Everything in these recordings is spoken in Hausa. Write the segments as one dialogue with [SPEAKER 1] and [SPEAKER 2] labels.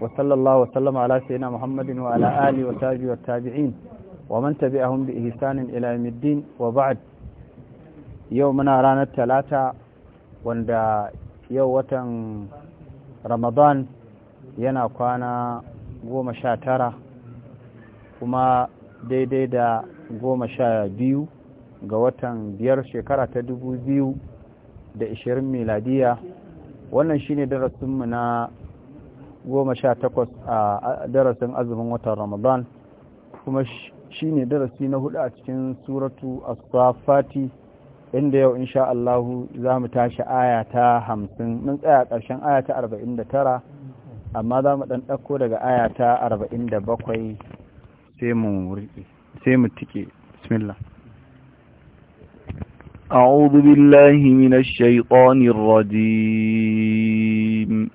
[SPEAKER 1] وصلى الله وسلم على سيدنا محمد وعلى آله وتاجه والتابعين ومن تبعهم بإهسان إلى المدين وبعد يومنا رانا التلاتة وندا يوة رمضان ينا كوانا قوم شاترة وما kuma daidai da goma sha biyu ga watan biyar shekara ta dubu biyu wannan shine darasinmu na goma sha takwas a darasin azumin watan ramadan kuma shi ne darasi na hudu a cikin suratu asafati inda yau insha Allahu za mu tashi aya ta hamsin mun tsaya ƙarshen aya ta arba'in da tara amma za mu ɗan ɗauko daga aya ta arba'in da bakwai sai mu tike bismillah
[SPEAKER 2] أعوذ بالله من الشيطان الرجيم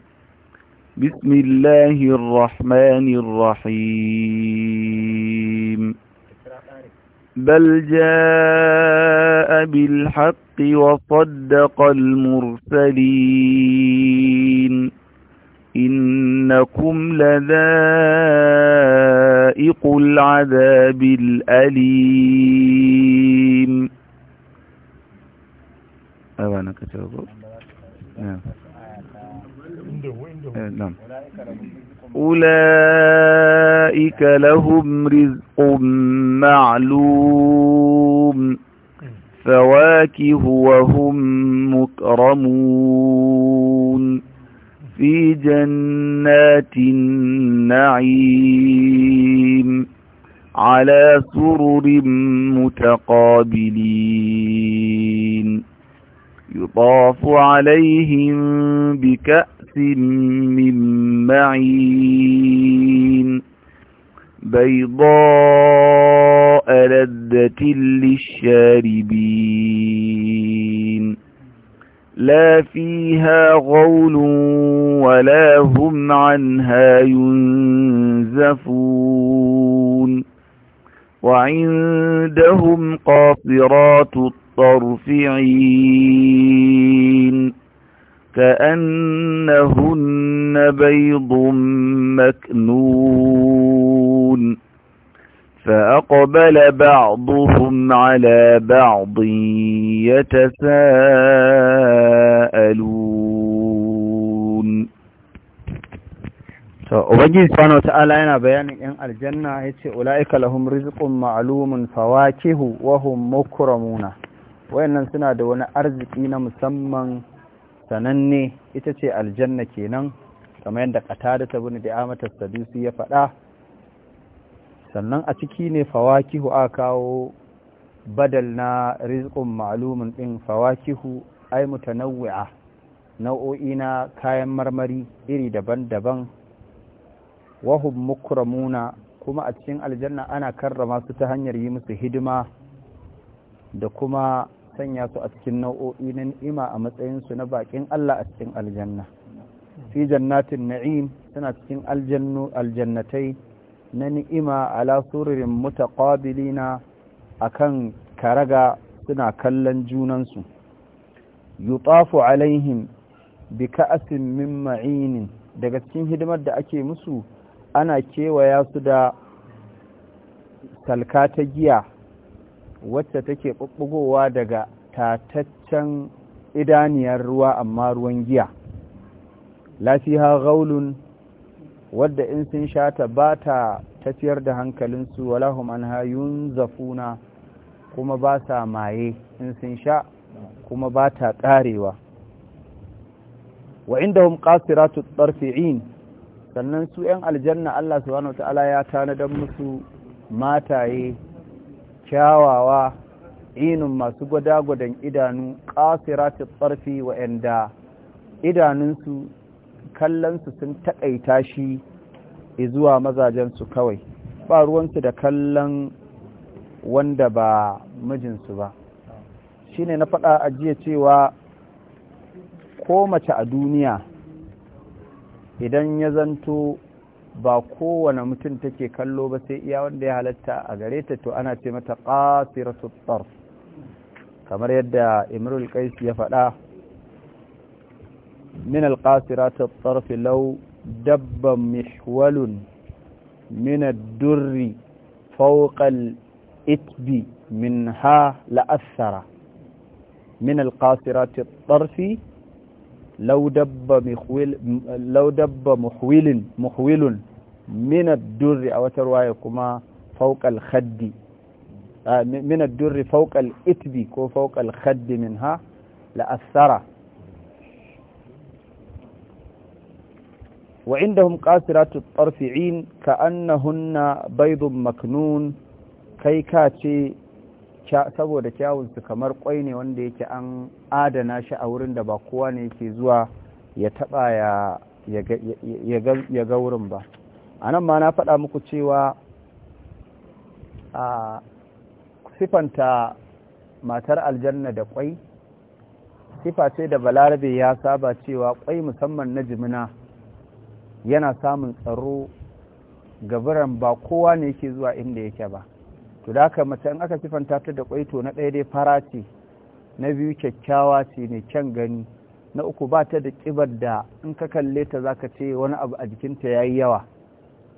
[SPEAKER 2] بسم الله الرحمن الرحيم بل جاء بالحق وصدق المرسلين إنكم لذائق العذاب الأليم أوانا كتابه نعم نعم أولئك لهم رزق معلوم فواكه وهم مكرمون في جنات النعيم على سرر متقابلين يطاف عليهم بكأس من معين بيضاء لذة للشاربين لا فيها غول ولا هم عنها ينزفون وعندهم قاصرات الطريق مسترفعين كأنهن بيض مكنون فأقبل بعضهم على بعض يتساءلون وجد سبحانه
[SPEAKER 1] وتعالى هنا بيان ان الجنه اولئك لهم رزق معلوم فواكه وهم مكرمون wayannan suna da wani arziki na musamman sananne ita ce aljanna kenan kamar yadda qatada ibn di'amata sadusi ya faɗa sannan a ciki ne fawakihu a kawo badal na rizqun ma'lumun ɗin fawakihu ay mutanawwi'a nau'o'i na kayan marmari iri daban-daban wahum mukramuna kuma a cikin aljanna ana karrama su ta hanyar yi musu hidima da kuma sanya su a cikin nau'o'i na ni'ima a matsayinsu na bakin Allah a cikin aljanna fi jannatin na'im suna cikin aljannu aljannatai na ni'ima ala sururin mutaqabilina akan karaga suna kallon junansu yutafu alaihim bi ka'asin min ma'in daga cikin hidimar da ake musu ana kewaya su da salka ta giya wacce take ɓuɓɓugowa daga tataccen idaniyar ruwa amma ruwan giya lafiha gaulun wadda in sun sha ta ba ta tafiyar da hankalinsu walahum an hayun zafuna kuma ba sa maye in sun sha kuma ba ta ƙarewa wa inda hum ƙasiratu tsarfi'in sannan su 'yan aljanna Allah subhanahu wa ta'ala ya tanadar musu mataye kyawawa inin masu gwada-gwadan idanu ƙasirati tsarfi wa'anda idanunsu kallonsu sun taƙaita shi zuwa mazajensu kawai ba ruwansu da kallon wanda ba mijinsu ba shine na faɗa ajiya cewa ko mace a duniya idan ya zanto ba kowane mutum take kallo ba sai iya wanda ya halatta a gare ta to ana ce mata qasiratu tarf kamar yadda imrul qais ya faɗa min alqasiratu tarf law dabba mihwalun min ad-durri itbi al-itbi la'asara la'athara min alqasiratu tarfi لو دب مخول لو دب مخول مخول من الدر أو كما فوق الخد آه، من الدر فوق الاتبي كو فوق الخد منها لاثر وعندهم قاصرات الطرف عين كأنهن بيض مكنون كيكاتي saboda kyawunsu kamar kwai ne wanda yake an adana shi a wurin da ba kowa ne yake zuwa ya taba ya ga wurin ba a nan ma na faɗa muku cewa a sifanta matar aljanna da kwai sifa ce da balarabe ya saba cewa kwai musamman na jimina yana samun tsaro gabaran ba kowa ne yake zuwa inda yake ba to da aka mace in aka kifanta ta da kwaito na ɗaya dai fara ce na biyu kyakkyawa ce mai kyan gani na uku ba ta da ƙibar da in ka kalle ta za ka ce wani abu a jikinta ya yi yawa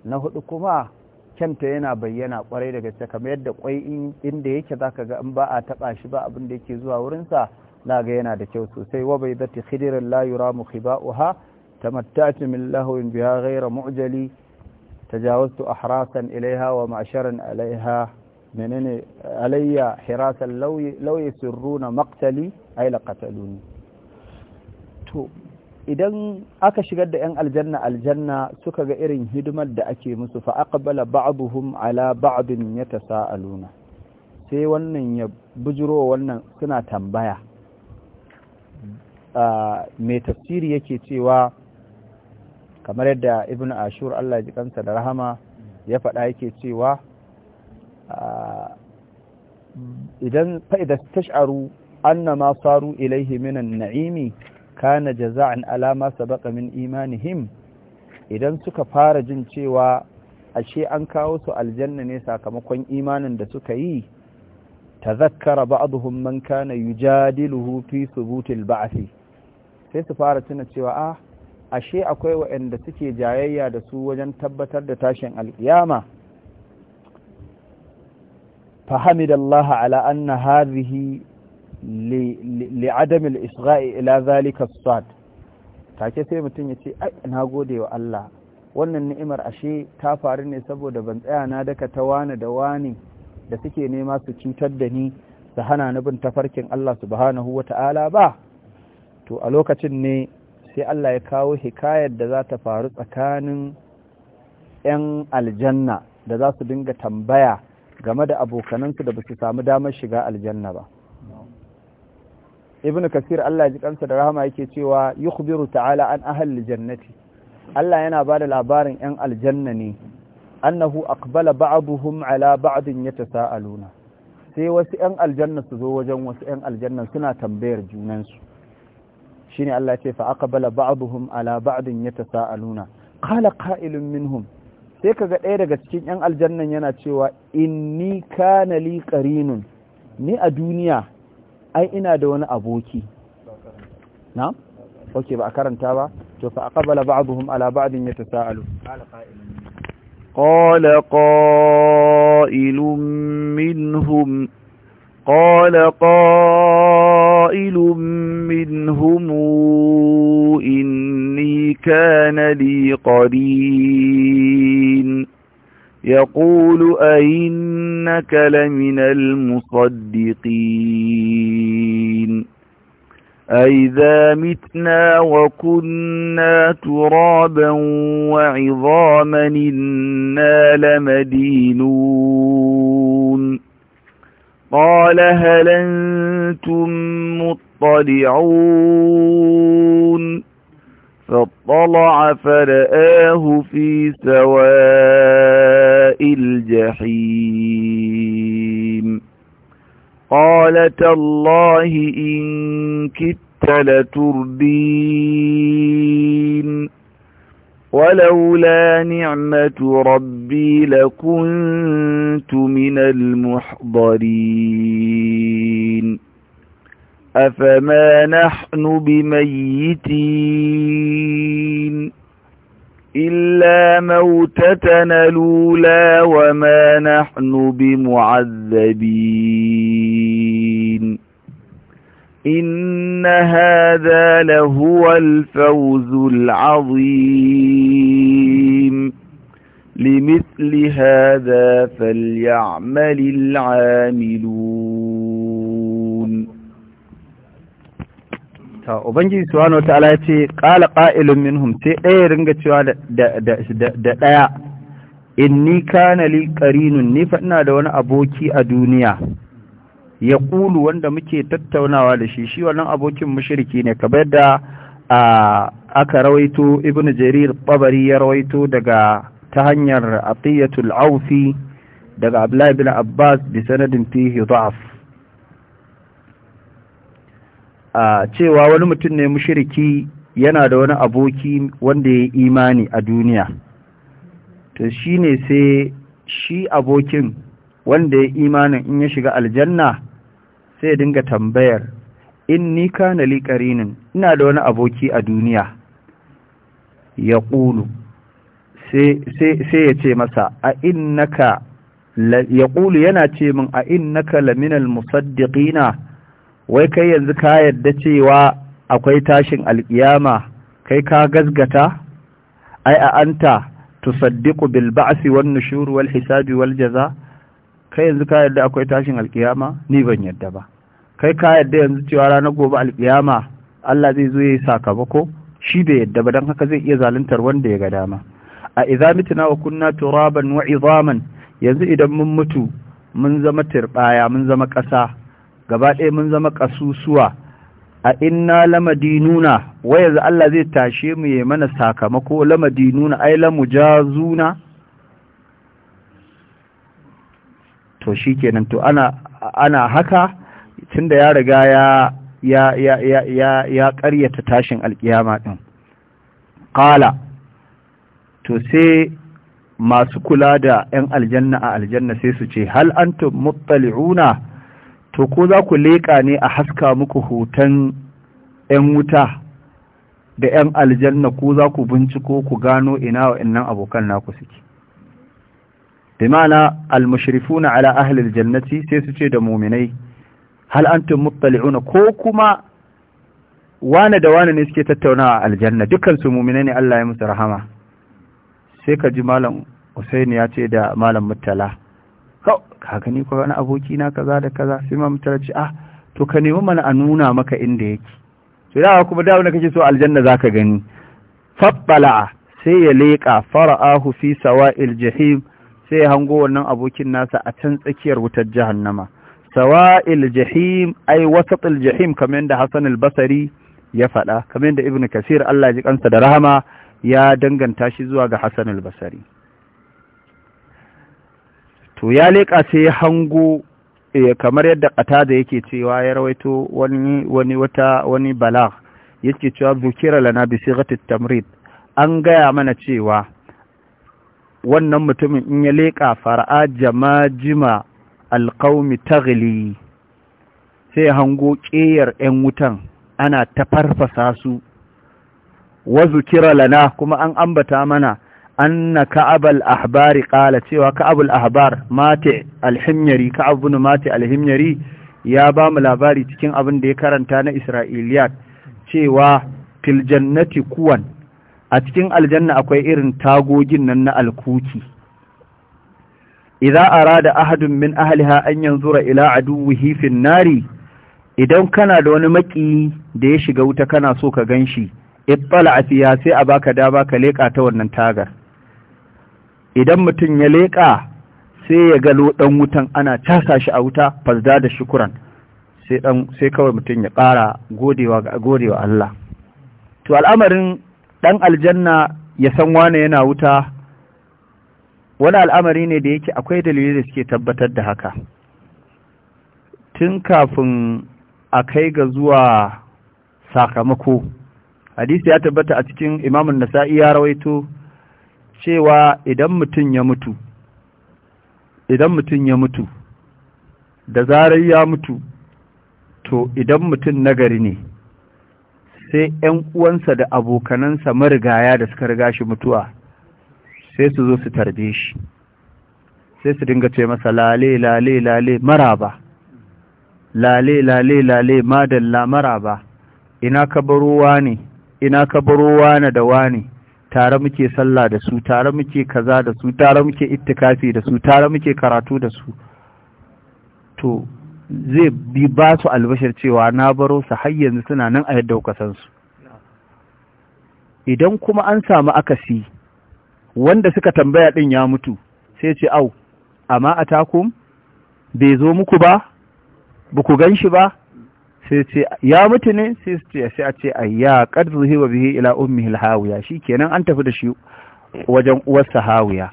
[SPEAKER 1] na hudu kuma kyanta yana bayyana kwarai daga gaske kamar yadda kwai inda yake za ka ga in ba a taɓa shi ba abin da yake zuwa wurinsa na ga yana da kyau sosai wa bai zati khidirin la yura mu ta mattaci min mu'jali tajawaztu ahrasan ilaiha wa ma'sharan alaiha menene alayya hirasan lauye sirruna maktali aila kataluni to idan aka shigar da 'yan aljanna aljanna suka ga irin hidimar da ake musu fa aqbala ba'dhum ala ba'din yatasaaluna sai wannan ya bujiro wannan suna tambaya me tafsiri yake cewa kamar yadda ibnu ashur Allah ya ji kansa da rahama ya faɗa yake cewa idan fa'ida tash'aru anna ma saru ilaihi minan na'imi kana jaza'an alama sabaka min imanihim idan suka fara jin cewa ashe an kawo su aljanna ne sakamakon imanin da suka yi tazakkara ba'dhum man kana yujadiluhu fi thubutil ba'thi sai su fara tuna cewa a ashe akwai waɗanda suke jayayya da su wajen tabbatar da tashin alkiyama فحمد الله على أن هذه لعدم الإسغاء إلى ذلك الصاد take sai mutum ya ce ai na gode wa Allah wannan ni'imar ashe ta faru ne saboda ban tsaya na daka ta wani da wani da suke nema su cutar da ni su hana ni bin tafarkin Allah subhanahu wa ta'ala ba to a lokacin ne sai Allah ya kawo hikayar da za ta faru tsakanin 'yan aljanna da za su dinga tambaya game da abokanansu da ba su samu damar shiga aljanna ba ibn kasir Allah ji kansa da rahama yake cewa yukhbiru ta'ala an ahli jannati Allah yana bada labarin yan aljanna ne annahu aqbala ba'dhum ala ba'd yatasaaluna sai wasu yan aljanna su zo wajen wasu yan aljanna suna tambayar junansu su shine Allah ya ce fa aqbala ba'dhum ala ba'd yatasaaluna qala qa'ilun minhum sai kaga ɗaya daga cikin 'yan aljannan yana cewa inni kana li ƙarinun ni a duniya ai ina da wani aboki na ok ba a karanta ba to fa aqbala ba'dhum ala ba'din yatasaalu
[SPEAKER 2] qala qa'ilun minhum قال قائل منهم إني كان لي قرين يقول أئنك لمن المصدقين أئذا متنا وكنا ترابا وعظاما إنا لمدينون قال هل أنتم مطلعون فاطلع فرآه في سواء الجحيم قال تالله إن كدت لتردين ولولا نعمة ربي لكنت من المحضرين أفما نحن بميتين إلا موتتنا الأولى وما نحن بمعذبين إن هذا لهو الفوز العظيم لمثل هذا فليعمل العاملون ta
[SPEAKER 1] ubangiji subhanahu wataala ya ce qala qa'ilun minhum sai ɗaya ringa cewa da da ɗaya inni kana qarinun ni fa ina da wani aboki a duniya ya ƙulu wanda muke tattaunawa da shi shi wannan abokin shirki ne kamar da aka rawaito ibn jarir ɓabari ya rawaito daga ta hanyar atiyatul aufi daga abla ibn abbas bi sanadin fihi a cewa wani mutum ne mashiriki yana da wani aboki wanda ya imani a duniya to shi ne sai shi abokin wanda ya imanin in ya shiga aljanna sai ya dinga tambayar in ni ka na liƙarinin ina da wani aboki a duniya ya ƙulu sai ya ce masa a innaka ya ƙulu yana ce min a innaka laminal musaddiqina wai kai yanzu ka yadda cewa akwai tashin alƙiyama kai ka gazgata ai a anta tusaddiqu bil ba'si wan nushur wal hisabi wal jaza kai yanzu ka yadda akwai tashin alkiyama ni ban yadda ba kai ka yadda yanzu cewa ranar gobe alkiyama Allah zai zo ya yi sakamako shi bai yadda ba dan haka zai iya zaluntar wanda ya ga dama a idza mitna wa kunna turaban wa idaman yanzu idan mun mutu mun zama turbaya mun zama kasa gaba ɗaya mun zama kasusuwa a inna lamadinuna wa yanzu Allah zai tashe mu yayi mana sakamako lamadinuna ai lamujazuna to shi kenan to ana ana haka tunda ya riga ya ya ya ƙaryata tashin alkiyama ɗin, ƙala. to sai masu kula da 'yan aljanna a aljanna sai su ce hal antum muttali'una to ko za ku leƙa ne a haska muku hoton 'yan wuta da 'yan aljanna ko za ku binciko ku gano ina wa abokan naku suke bi ma'ana al-mushrifuna ala ahli al-jannati sai su ce da mu'minai hal antum muttali'una ko kuma wane da wane ne suke tattaunawa aljanna dukkan su mu'minai ne Allah ya musu rahama sai ka ji malam Usaini ya ce da malam Muttala ka gani ko wani aboki na kaza da kaza sai malam Muttala ce ah to ka nemi mana a nuna maka inda yake to da kuma da wanda kake so aljanna zaka gani fabbala sai ya leƙa fara'ahu fi sawa'il jahim sai ya hango wannan abokin nasa a can tsakiyar wutar jahannama sawa'il jahim ay wasatul jahim kamar yadda Hassan al-Basri ya faɗa kamar yadda Ibn Kasir Allah ji kansa da rahama ya danganta shi zuwa ga Hassan al-Basri to ya leƙa sai ya hango eh, kamar yadda ƙata da yake cewa ya rawaito wani wata wani balag yake cewa zukira lana bi tamrid an gaya mana cewa wannan mutumin in ya leƙa fara'a jamajima alƙaumi taghli sai hango ƙeyar 'yan wutan ana ta farfasa su wazu kira lana kuma an ambata mana an na ka'abal ahbari ƙala. cewa ka'abul ahbar mate alhimyari ka'abun mate alhimyari ya ba mu labari cikin abin da ya karanta na isra'iliyat cewa fil jannati kuwan a cikin aljanna akwai irin tagogin nan na alkuki idza arada ahadun min ahliha an yanzura ila aduwwihi fin nari idan kana da wani maki da ya shiga wuta kana so ka ganshi ittala fiya sai a baka da baka leka ta wannan tagar idan mutum ya leka sai ya galo dan wutan ana tasa shi a wuta fasda da shukuran sai dan sai kawai mutum ya ƙara godewa ga godewa Allah to al'amarin ɗan aljanna ya san wane yana wuta wani al'amari ne da yake akwai dalilai da suke tabbatar da haka tun kafin a kai ga zuwa sakamako hadisi ya tabbata a cikin imamun nasa'i ya rawaito cewa idan mutum ya mutu idan mutum ya mutu da zarar ya mutu to idan mutum nagari ne sai 'yan uwansa da abokanansa marigaya da suka riga shi mutuwa sai su zo su tarbe shi sai su dinga ce masa lale lale lale maraba lale lale lale madalla maraba ina ka barowa ne ina ka barowa na da wani tare muke sallah da su tare muke kaza da su tare muke ittikafi da su tare muke karatu da su to zai bi ba su albashar cewa na baro su har yanzu suna nan a yadda kuka san su idan kuma an samu akasi wanda suka tambaya din ya mutu sai ce au amma a takun bai zo muku ba ba ku gan shi ba sai ce ya mutu ne sai ce sai a ce ayya zuhi wa bihi ila ummihi shi? Kenan an tafi da shi wajen uwarsa hawiya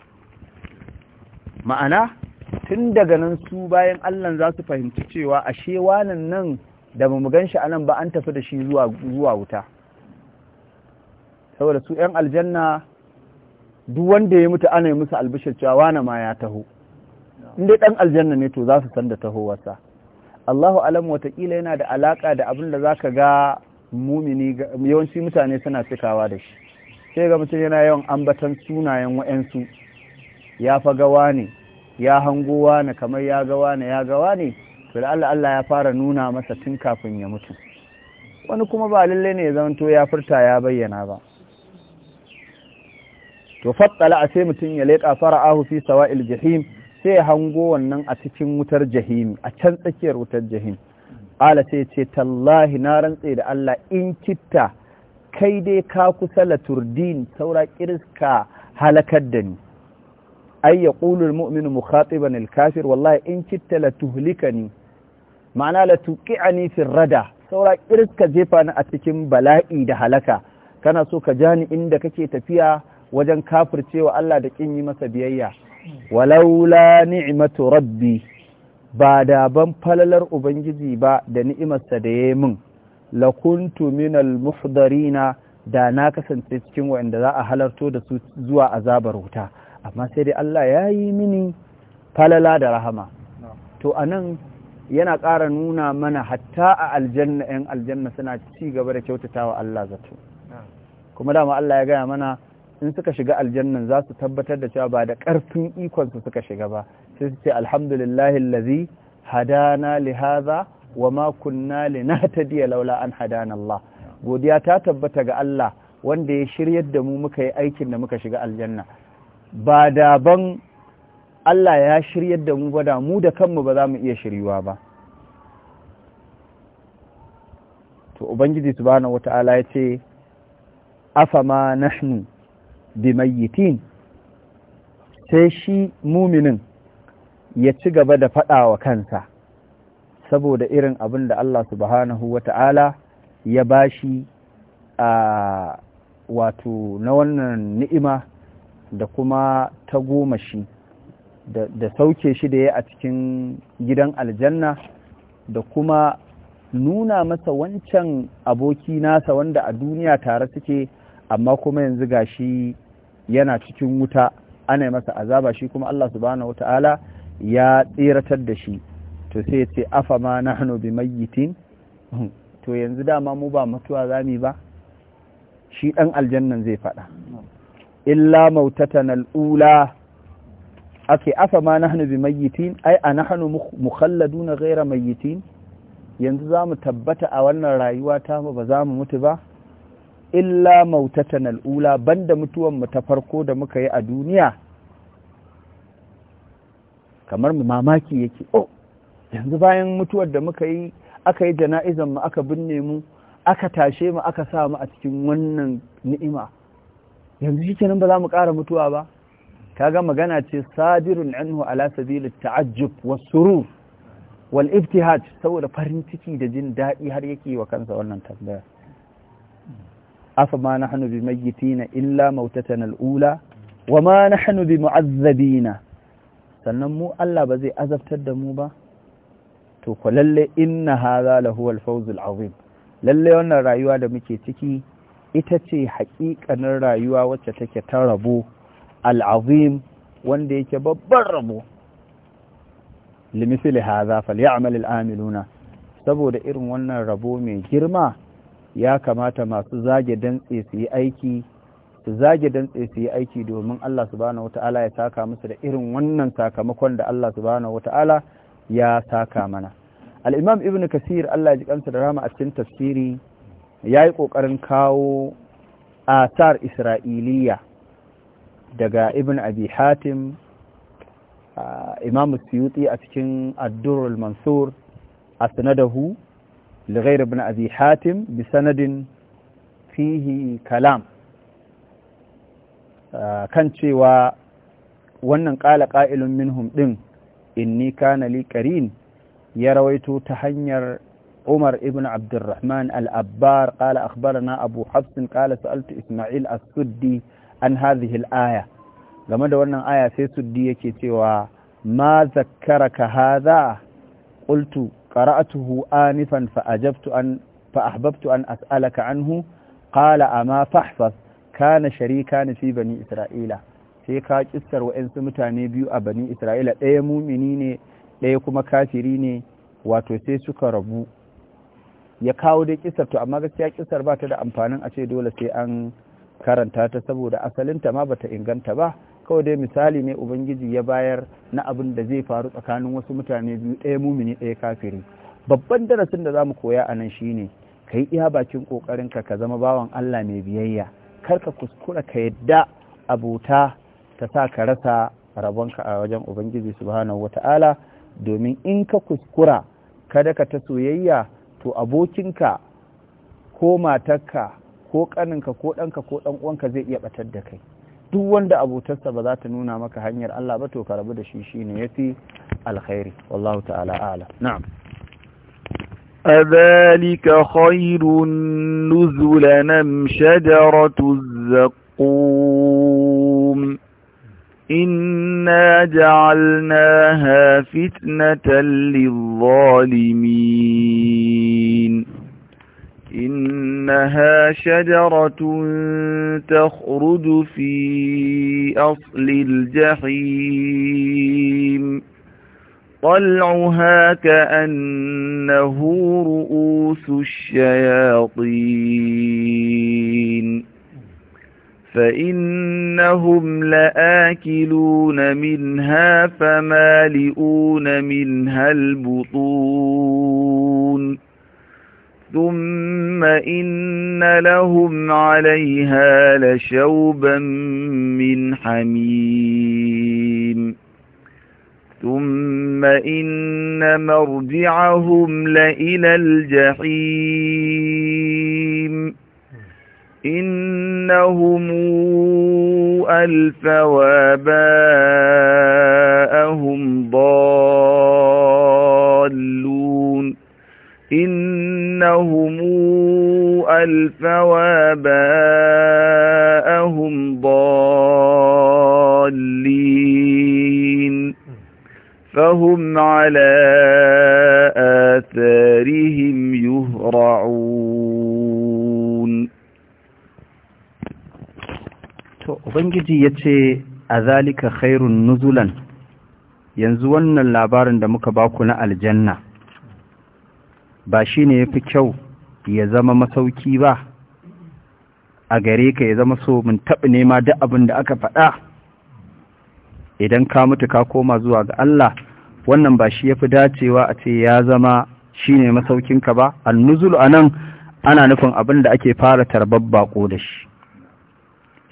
[SPEAKER 1] ma'ana tun daga nan su bayan Allah za su fahimci cewa ashe wanan nan da ba mu gan shi anan ba an tafi da shi zuwa wuta saboda su 'yan aljanna duk wanda ya mutu ana yi musu albishir cewa wane ma ya taho in dai ɗan aljanna ne to za su san da tahowarsa Allahu alam watakila yana da alaka da abin da za ka ga mumini yawanci mutane suna cikawa da shi sai ga mutum yana yawan ambatan sunayen wa'yansu ya fa gawa ne ya hango wani kamar ya ga wani ya ga wani to da Allah Allah ya fara nuna masa tun kafin ya mutu wani kuma ba lalle ne ya zanto ya furta ya bayyana ba to fattala a sai mutum ya leƙa fara'ahu fi sawa'il jahim sai ya hango wannan a cikin wutar jahim a can tsakiyar wutar jahim ala sai ce tallahi na rantse da Allah in kitta kai dai ka kusa laturdin saura kirska halakar da ni ay yaqulu mu'minu mukhatiban kafir wallahi in kitta la tuhlikani ma'ana la tuqi'ani fi rada saura irka jefa ni a cikin bala'i da halaka kana so ka jani inda kake tafiya wajen kafircewa Allah da kin yi masa biyayya walaula ni'matu rabbi ba da ban falalar ubangiji ba da ni'imarsa da yayi min lakuntu minal muhdarina da na kasance cikin wanda za a halarto da su zuwa azabar wuta amma sai dai Allah ya yi mini falala da rahama to a nan yana ƙara nuna mana hatta a aljanna ‘yan aljanna suna ci gaba da kyautata wa Allah zato kuma dama Allah ya gaya mana in suka shiga aljanna za su tabbatar da cewa ba da ƙarfin ikonsu suka shiga ba sai su ce alhamdulillahi lazi hadana li hadha wa ma kunna linahtadiya laula an hadana Allah godiya ta tabbata ga Allah wanda ya shiryar da mu muka yi aikin da muka shiga aljanna ba da Allah ya shiryar da mu ba mu da kanmu ba za mu iya shiryuwa ba to ubangiji subhanahu wata'ala ya ce afama nahnu bimayyitin sai shi muminin ya ci gaba da faɗa wa kansa saboda irin abin da Allah subhanahu wata'ala ya bashi a wato na wannan ni'ima da kuma ta goma shi da sauke shi da ya a cikin gidan aljanna da kuma nuna masa wancan aboki nasa wanda a duniya tare suke amma kuma yanzu ga shi yana cikin wuta ana masa azaba shi kuma Allah subhanahu ta'ala ya tsiratar da shi to sai ya ce afa ma na nahnu bi mayyitin to yanzu dama mu ba mutuwa zami ba shi ɗan aljannan zai faɗa. illa mautatan al'ula ake afa ma nahnu bi mayyitin ai a nahnu mukhalladuna ghayra mayyitin yanzu za mu tabbata a wannan rayuwa ta mu ba za mu mutu ba illa mautatan al'ula banda mutuwan mu ta farko da muka yi a duniya kamar mu mamaki yake oh yanzu bayan mutuwar da muka yi aka yi jana'izan mu aka binne mu aka tashe mu aka sa mu a cikin wannan ni'ima yanzu shi kenan ba za mu ƙara mutuwa ba kaga magana ce sadirun anhu ala sabili ta'ajjub was-surur wal-ibtihaj saboda farin ciki da jin daɗi har yake wa kansa wannan tambaya afa ma nahnu mayyitina illa mautatana al-ula wa ma nahnu mu'azzabina sannan mu Allah ba zai azabtar da mu ba to kullalle inna hadha lahu al-fawz al-azim lalle wannan rayuwa da muke ciki ita ce haƙiƙanin rayuwa wacce take ta rabo al'azim wanda yake babban rabo limithili ya amali al'amiluna saboda irin wannan rabo mai girma ya kamata masu zage dantse su yi aiki su zage dantse su yi aiki domin Allah subhanahu wata'ala ya saka musu da irin wannan sakamakon da Allah subhanahu wata'ala ya saka mana al-imam ibnu kasir Allah ya ji kansa da rama a cikin tafsiri ya yi ƙoƙarin kawo atar isra'iliya daga ibn abi hatim imam suyuti a cikin addurul mansur a sanadahu Ibn abi hatim bi sanadin Fihi Kalam kan cewa wannan ƙala ƙa'ilun minhum ɗin inni kana liƙarin ya rawaito ta hanyar عمر ابن عبد الرحمن الأبار قال أخبرنا أبو حفص قال سألت إسماعيل السدي عن هذه الآية game da wannan aya sai suddi yake cewa ma zakkaraka hadha qultu qara'tuhu anifan fa ajabtu an fa ahbabtu an as'alaka anhu qala ama fahfaz kana sharikan fi bani isra'ila sai ka kissar wa'ansu mutane biyu a banin isra'ila ɗaya mumini ne ɗaya kuma kafiri ne wato sai suka rabu ya kawo dai kisar to amma gaskiya kisar ba ta da amfanin a ce dole sai an karanta ta saboda asalinta ma bata inganta ba kawai dai misali ne ubangiji ya bayar na abin da zai faru tsakanin wasu mutane biyu ɗaya mumini ɗaya kafiri babban darasin da za mu koya a nan shine ka yi iya bakin ƙoƙarinka ka zama bawan allah mai biyayya kar ka kuskura ka yadda abota ta sa ka rasa rabonka a wajen ubangiji subhanahu wata'ala domin in ka kuskura kada ka ta soyayya to abokinka ko matarka ko kaninka ko ɗanka ko ɗan uwanka zai iya ɓatar da kai duk wanda abotarsa ba za ta nuna maka hanyar Allah ba to ka rabu da shi shi ne ya fi alkhairi wallahu ta'ala a'lam
[SPEAKER 2] na'am أذلك خير نزلا شجرة الزقوم إنا جعلناها فتنة للظالمين إنها شجرة تخرج في أصل الجحيم طلعها كأنه رؤوس الشياطين فإنهم لآكلون منها فمالئون منها البطون ثم إن لهم عليها لشوبا من حميم ثم إن مرجعهم لإلى الجحيم إنهم ألفوا آباءهم ضالون إنهم ألفوا آباءهم ضالين فهم على آثارهم يهرعون to ubangiji ya ce a zalika
[SPEAKER 1] khairun nuzulan yanzu wannan labarin da muka baku na aljanna ba shi ne ya fi kyau ya zama masauki ba a gare ka ya zama so mun taɓa nema duk abin da aka faɗa idan ka mutu ka koma zuwa ga Allah wannan ba shi ya fi dacewa a ce ya zama shi ne masaukinka ba annuzul a nan ana nufin abin da ake fara tarbar baƙo da shi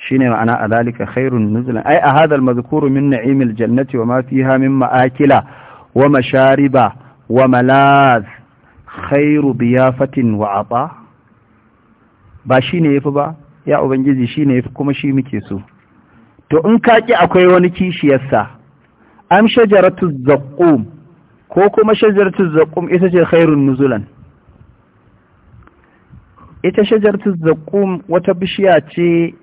[SPEAKER 1] Shi ne ma'ana a zalika khairun nuzulan ai a hadal mazukuru min na'imil jannati wa ma fiha min ma'akila wa mashariba wa malaz khairu biyafatin wa ata ba ne yafi ba ya ubangiji shine yafi kuma shi muke so to in ka ki akwai wani kishiyarsa am shajaratu zaqqum ko kuma shajaratu zaqqum ita ce khairun nuzulan ita shajaratu zaqqum wata bishiya ce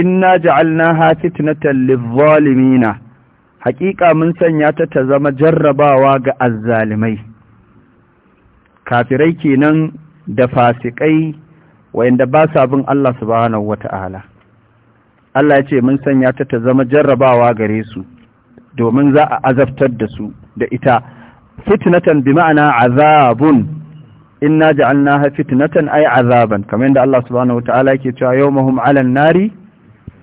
[SPEAKER 1] inna ja'alnaha fitnatan lidh-dhalimina haƙiƙa mun sanya ta ta zama jarrabawa ga azzalimai kafirai kenan da fasikai wayanda ba sa bin Allah subhanahu wata'ala Allah ya ce mun sanya ta ta zama jarrabawa gare su domin za a azabtar da su da ita fitnatan bi ma'ana azabun inna ja'alnaha fitnatan ay azaban kamar yadda Allah subhanahu wata'ala yake cewa yawmahum 'alan nari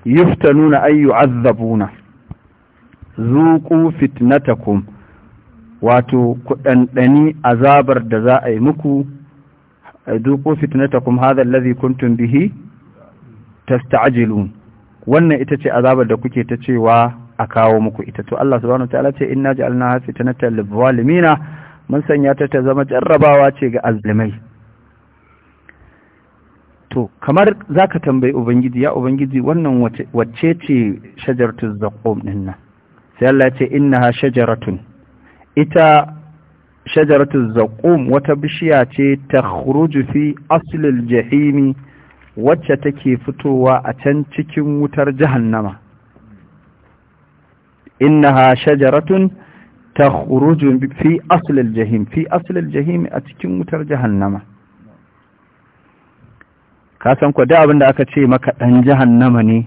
[SPEAKER 1] yuftanuna ay yu'adhabuna zuqu fitnatakum wato ku dandani azabar da za a yi muku zuqu fitnatakum hadha allazi kuntum bihi tasta'jilun wannan ita ce azabar da kuke ta cewa a kawo muku ita to Allah subhanahu wataala ce inna ja'alnaha fitnatan lil zalimin mun sanya ta ta zama jarrabawa ce ga azlimai to kamar za ka tambayi ubangiji ya ubangiji wannan wacce ce shajaratun zaƙom ɗin nan sai Allah ce inna ha shajaratun ita shajaratun zaƙom wata bishiya ce ta fi asilil jahimi wacce take fitowa a can cikin wutar jahannama inna ha shajaratun ta fi asilil jahim fi asilil jahimi a cikin wutar jahannama ka san ku da abin da aka ce maka ɗan jahannama ne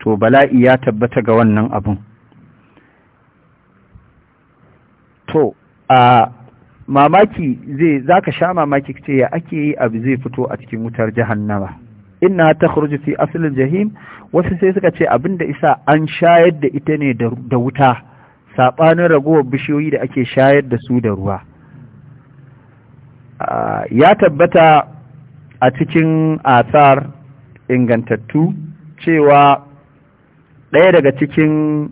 [SPEAKER 1] to bala'i ya tabbata ga wannan abun. to a mamaki zai za sha mamaki ce ya ake yi abu zai fito a cikin wutar jahannama inna ta khuruju fi aslil jahim wasu sai suka ce abinda isa an shayar da ita ne da wuta saɓanin ragowar bishiyoyi da ake shayar da su da ruwa ya tabbata a cikin asar ingantattu cewa ɗaya daga cikin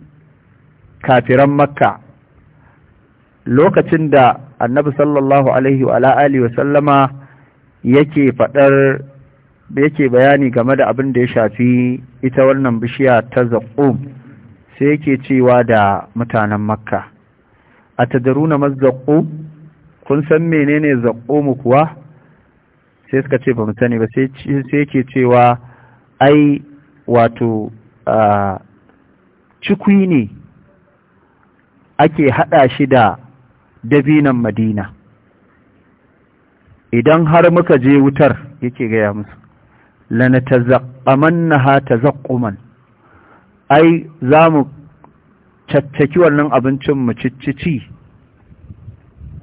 [SPEAKER 1] kafiran makka lokacin da annabi sallallahu alaihi wa alihi wa sallama yake faɗar yake bayani game da abin da ya shafi ita wannan bishiya ta zaƙum sai yake cewa da mutanen makka a tadaruna mazzaƙo kun san menene zaƙo kuwa sai suka ce ba mu sani ba sai yake cewa ai wato cikwi ne ake haɗa shi da dabinan madina idan har muka je wutar yake gaya musu lana ta na ha ta zaƙuman. ai za mu caccaki wannan abincin mu ciccici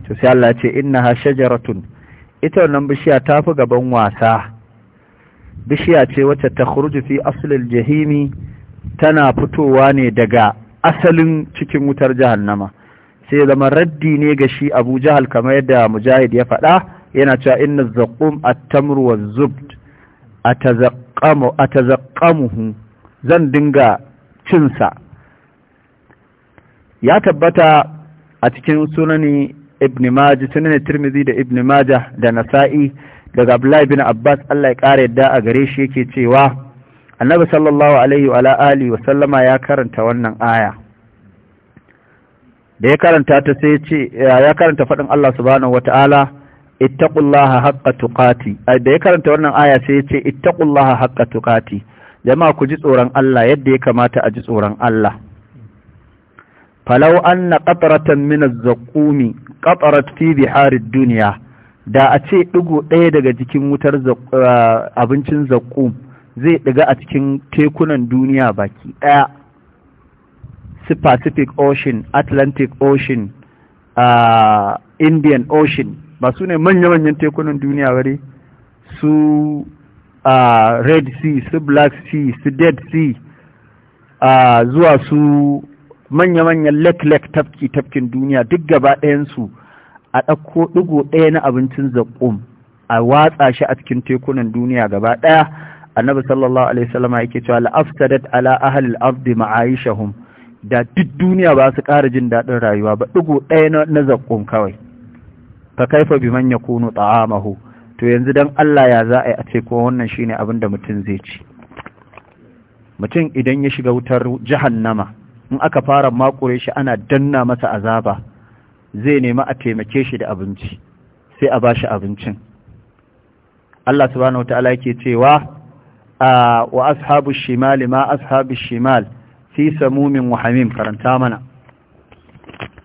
[SPEAKER 1] to sai Allah ya ce innaha shajaratun ita wannan bishiya ta fi gaban wasa bishiya ce wacce ta fi asalin jahimi tana fitowa ne daga asalin cikin wutar jahannama sai zama raddi ne ga shi abu jahal kamar yadda mujahid ya faɗa yana cewa inna zaqqum at-tamr wa zubd atazaqqamu atazaqqamuhu zan dinga cinsa ya tabbata a cikin sunani ibn majah sunan tirmidhi da ibn majah da nasa'i daga abdullahi bin abbas Allah ya kare yadda a gare shi yake cewa annabi sallallahu alaihi wa alihi wa sallama ya karanta wannan aya da ya karanta ta sai ce ya karanta fadin Allah subhanahu wataala ittaqullaha haqqa tuqati da ya karanta wannan aya sai ya ce ittaqullaha haqqa tuqati jama'a ku ji tsoron Allah yadda ya kamata a ji tsoron Allah falau an qatratan min az-zaqumi qatarat fi bihar duniya, da a ce ɗigo ɗaya daga cikin wutar abincin zaqum zai ɗiga a cikin tekunan duniya baki ɗaya su Pacific Ocean, Atlantic Ocean, Indian Ocean ba su ne manya-manyan tekunan duniya wari su Red Sea, su Black Sea, su Dead Sea zuwa su manya-manyan lek-lek tafki tafkin duniya duk gaba ɗayansu a ɗauko ɗigo ɗaya na abincin zaƙum a watsa shi a cikin tekunan duniya gaba ɗaya annabi sallallahu alaihi wasallama yake cewa la'afsadat ala ahli abdi ardi ma'aishahum da duk duniya ba su ƙara jin daɗin rayuwa ba ɗigo ɗaya na zaƙum kawai fa kaifa biman kunu ta'amahu to yanzu dan Allah ya za a yi a ce ko wannan shine abin da mutum zai ci mutum idan ya shiga wutar nama. in aka fara makure shi ana danna masa azaba zai nemi a taimake shi da abinci sai a bashi abincin Allah subhanahu wataala yake cewa wa ashabu shimal ma ashabu shimal fi samumin wa hamim karanta mana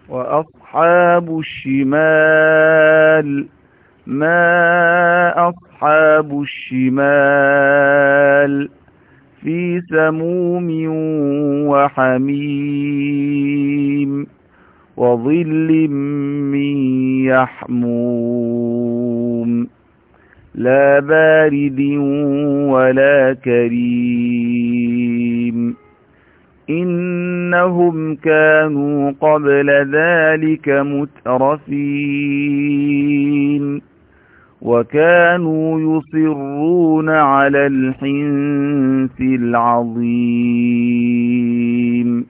[SPEAKER 2] wa ashabu shimal ma ashabu shimal في سموم وحميم وظل من يحموم لا بارد ولا كريم إنهم كانوا قبل ذلك مترفين وكانوا يصرون على الحنث العظيم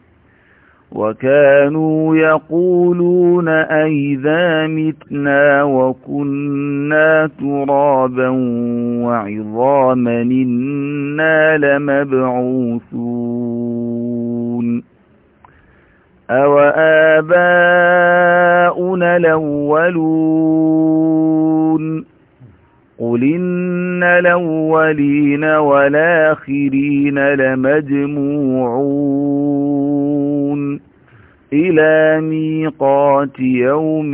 [SPEAKER 2] وكانوا يقولون أئذا متنا وكنا ترابا وعظاما إنا لمبعوثون أوآباؤنا الأولون قل إن الأولين والآخرين لمجموعون إلى ميقات يوم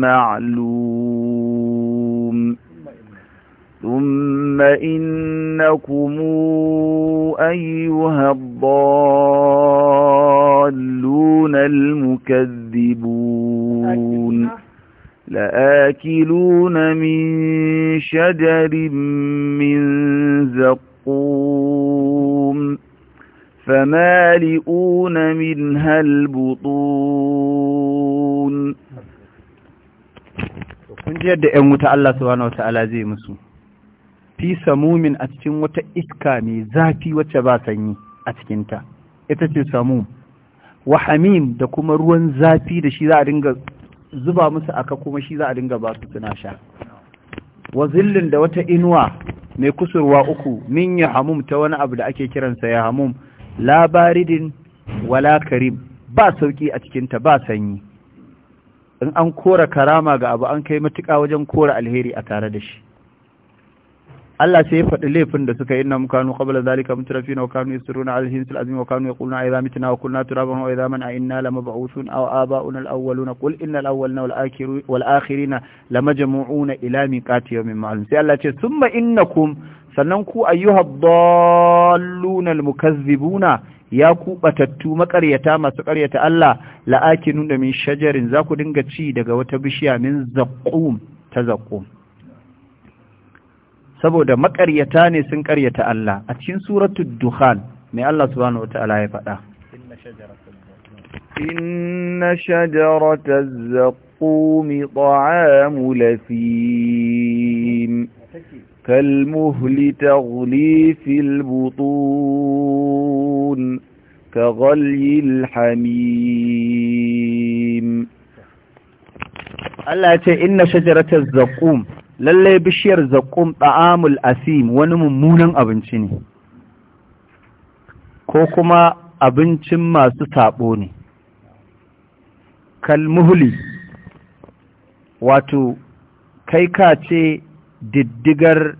[SPEAKER 2] معلوم ثم إنكم أيها الضالون المكذبون لآكلون من شجر من زقوم فمالئون منها البطون
[SPEAKER 1] kun ji yadda ‘yan wuta Allah subhanahu wata'ala zai musu,
[SPEAKER 2] fi samumin
[SPEAKER 1] a cikin wata iska mai zafi wacce ba sanyi a cikinta, ita ce samu. wa hamim da kuma ruwan zafi da shi za a dinga zuba musu aka kuma shi za a dinga ba su suna sha wa zillin da wata inuwa mai kusurwa uku min ya hamum ta wani abu da ake kiransa ya hamum labaridin wala karim ba sauki a cikinta ba sanyi in an kora karama ga abu an kai matuƙa wajen kora alheri a tare da shi Allah sai ya faɗi laifin da suka yi nan kanu qabla zalika mutrafina wa kanu yusiruna ala al-hinsil azim wa kanu yaquluna idha mitna wa kunna turaban wa idha mana inna na aw aba'una al-awwaluna qul innal awwalina wal na lama akhirina lamajmu'una ila miqati yawmin ma'lum sai Allah ce thumma innakum sannan ku ayyuhad-dalluna al-mukazzibuna ya ku batattu maƙaryata masu ƙaryata Allah la'akinun da min shajarin za ku dinga ci daga wata bishiya min zaqqum ta zaqqum saboda makaryata ne sun karyata Allah a cikin suratul dukhan mai Allah subhanahu wataala ya faɗa
[SPEAKER 2] inna shajarata zaqqum ta'amu lafim كالمهل تغلي في البطون كغلي
[SPEAKER 1] allah الله يقول إن شجرة الزقوم lalle bishiyar zakum ta'amul asim wani mummunan abinci ne ko kuma abincin masu sabo ne kalmuhli wato kai ka ce diddigar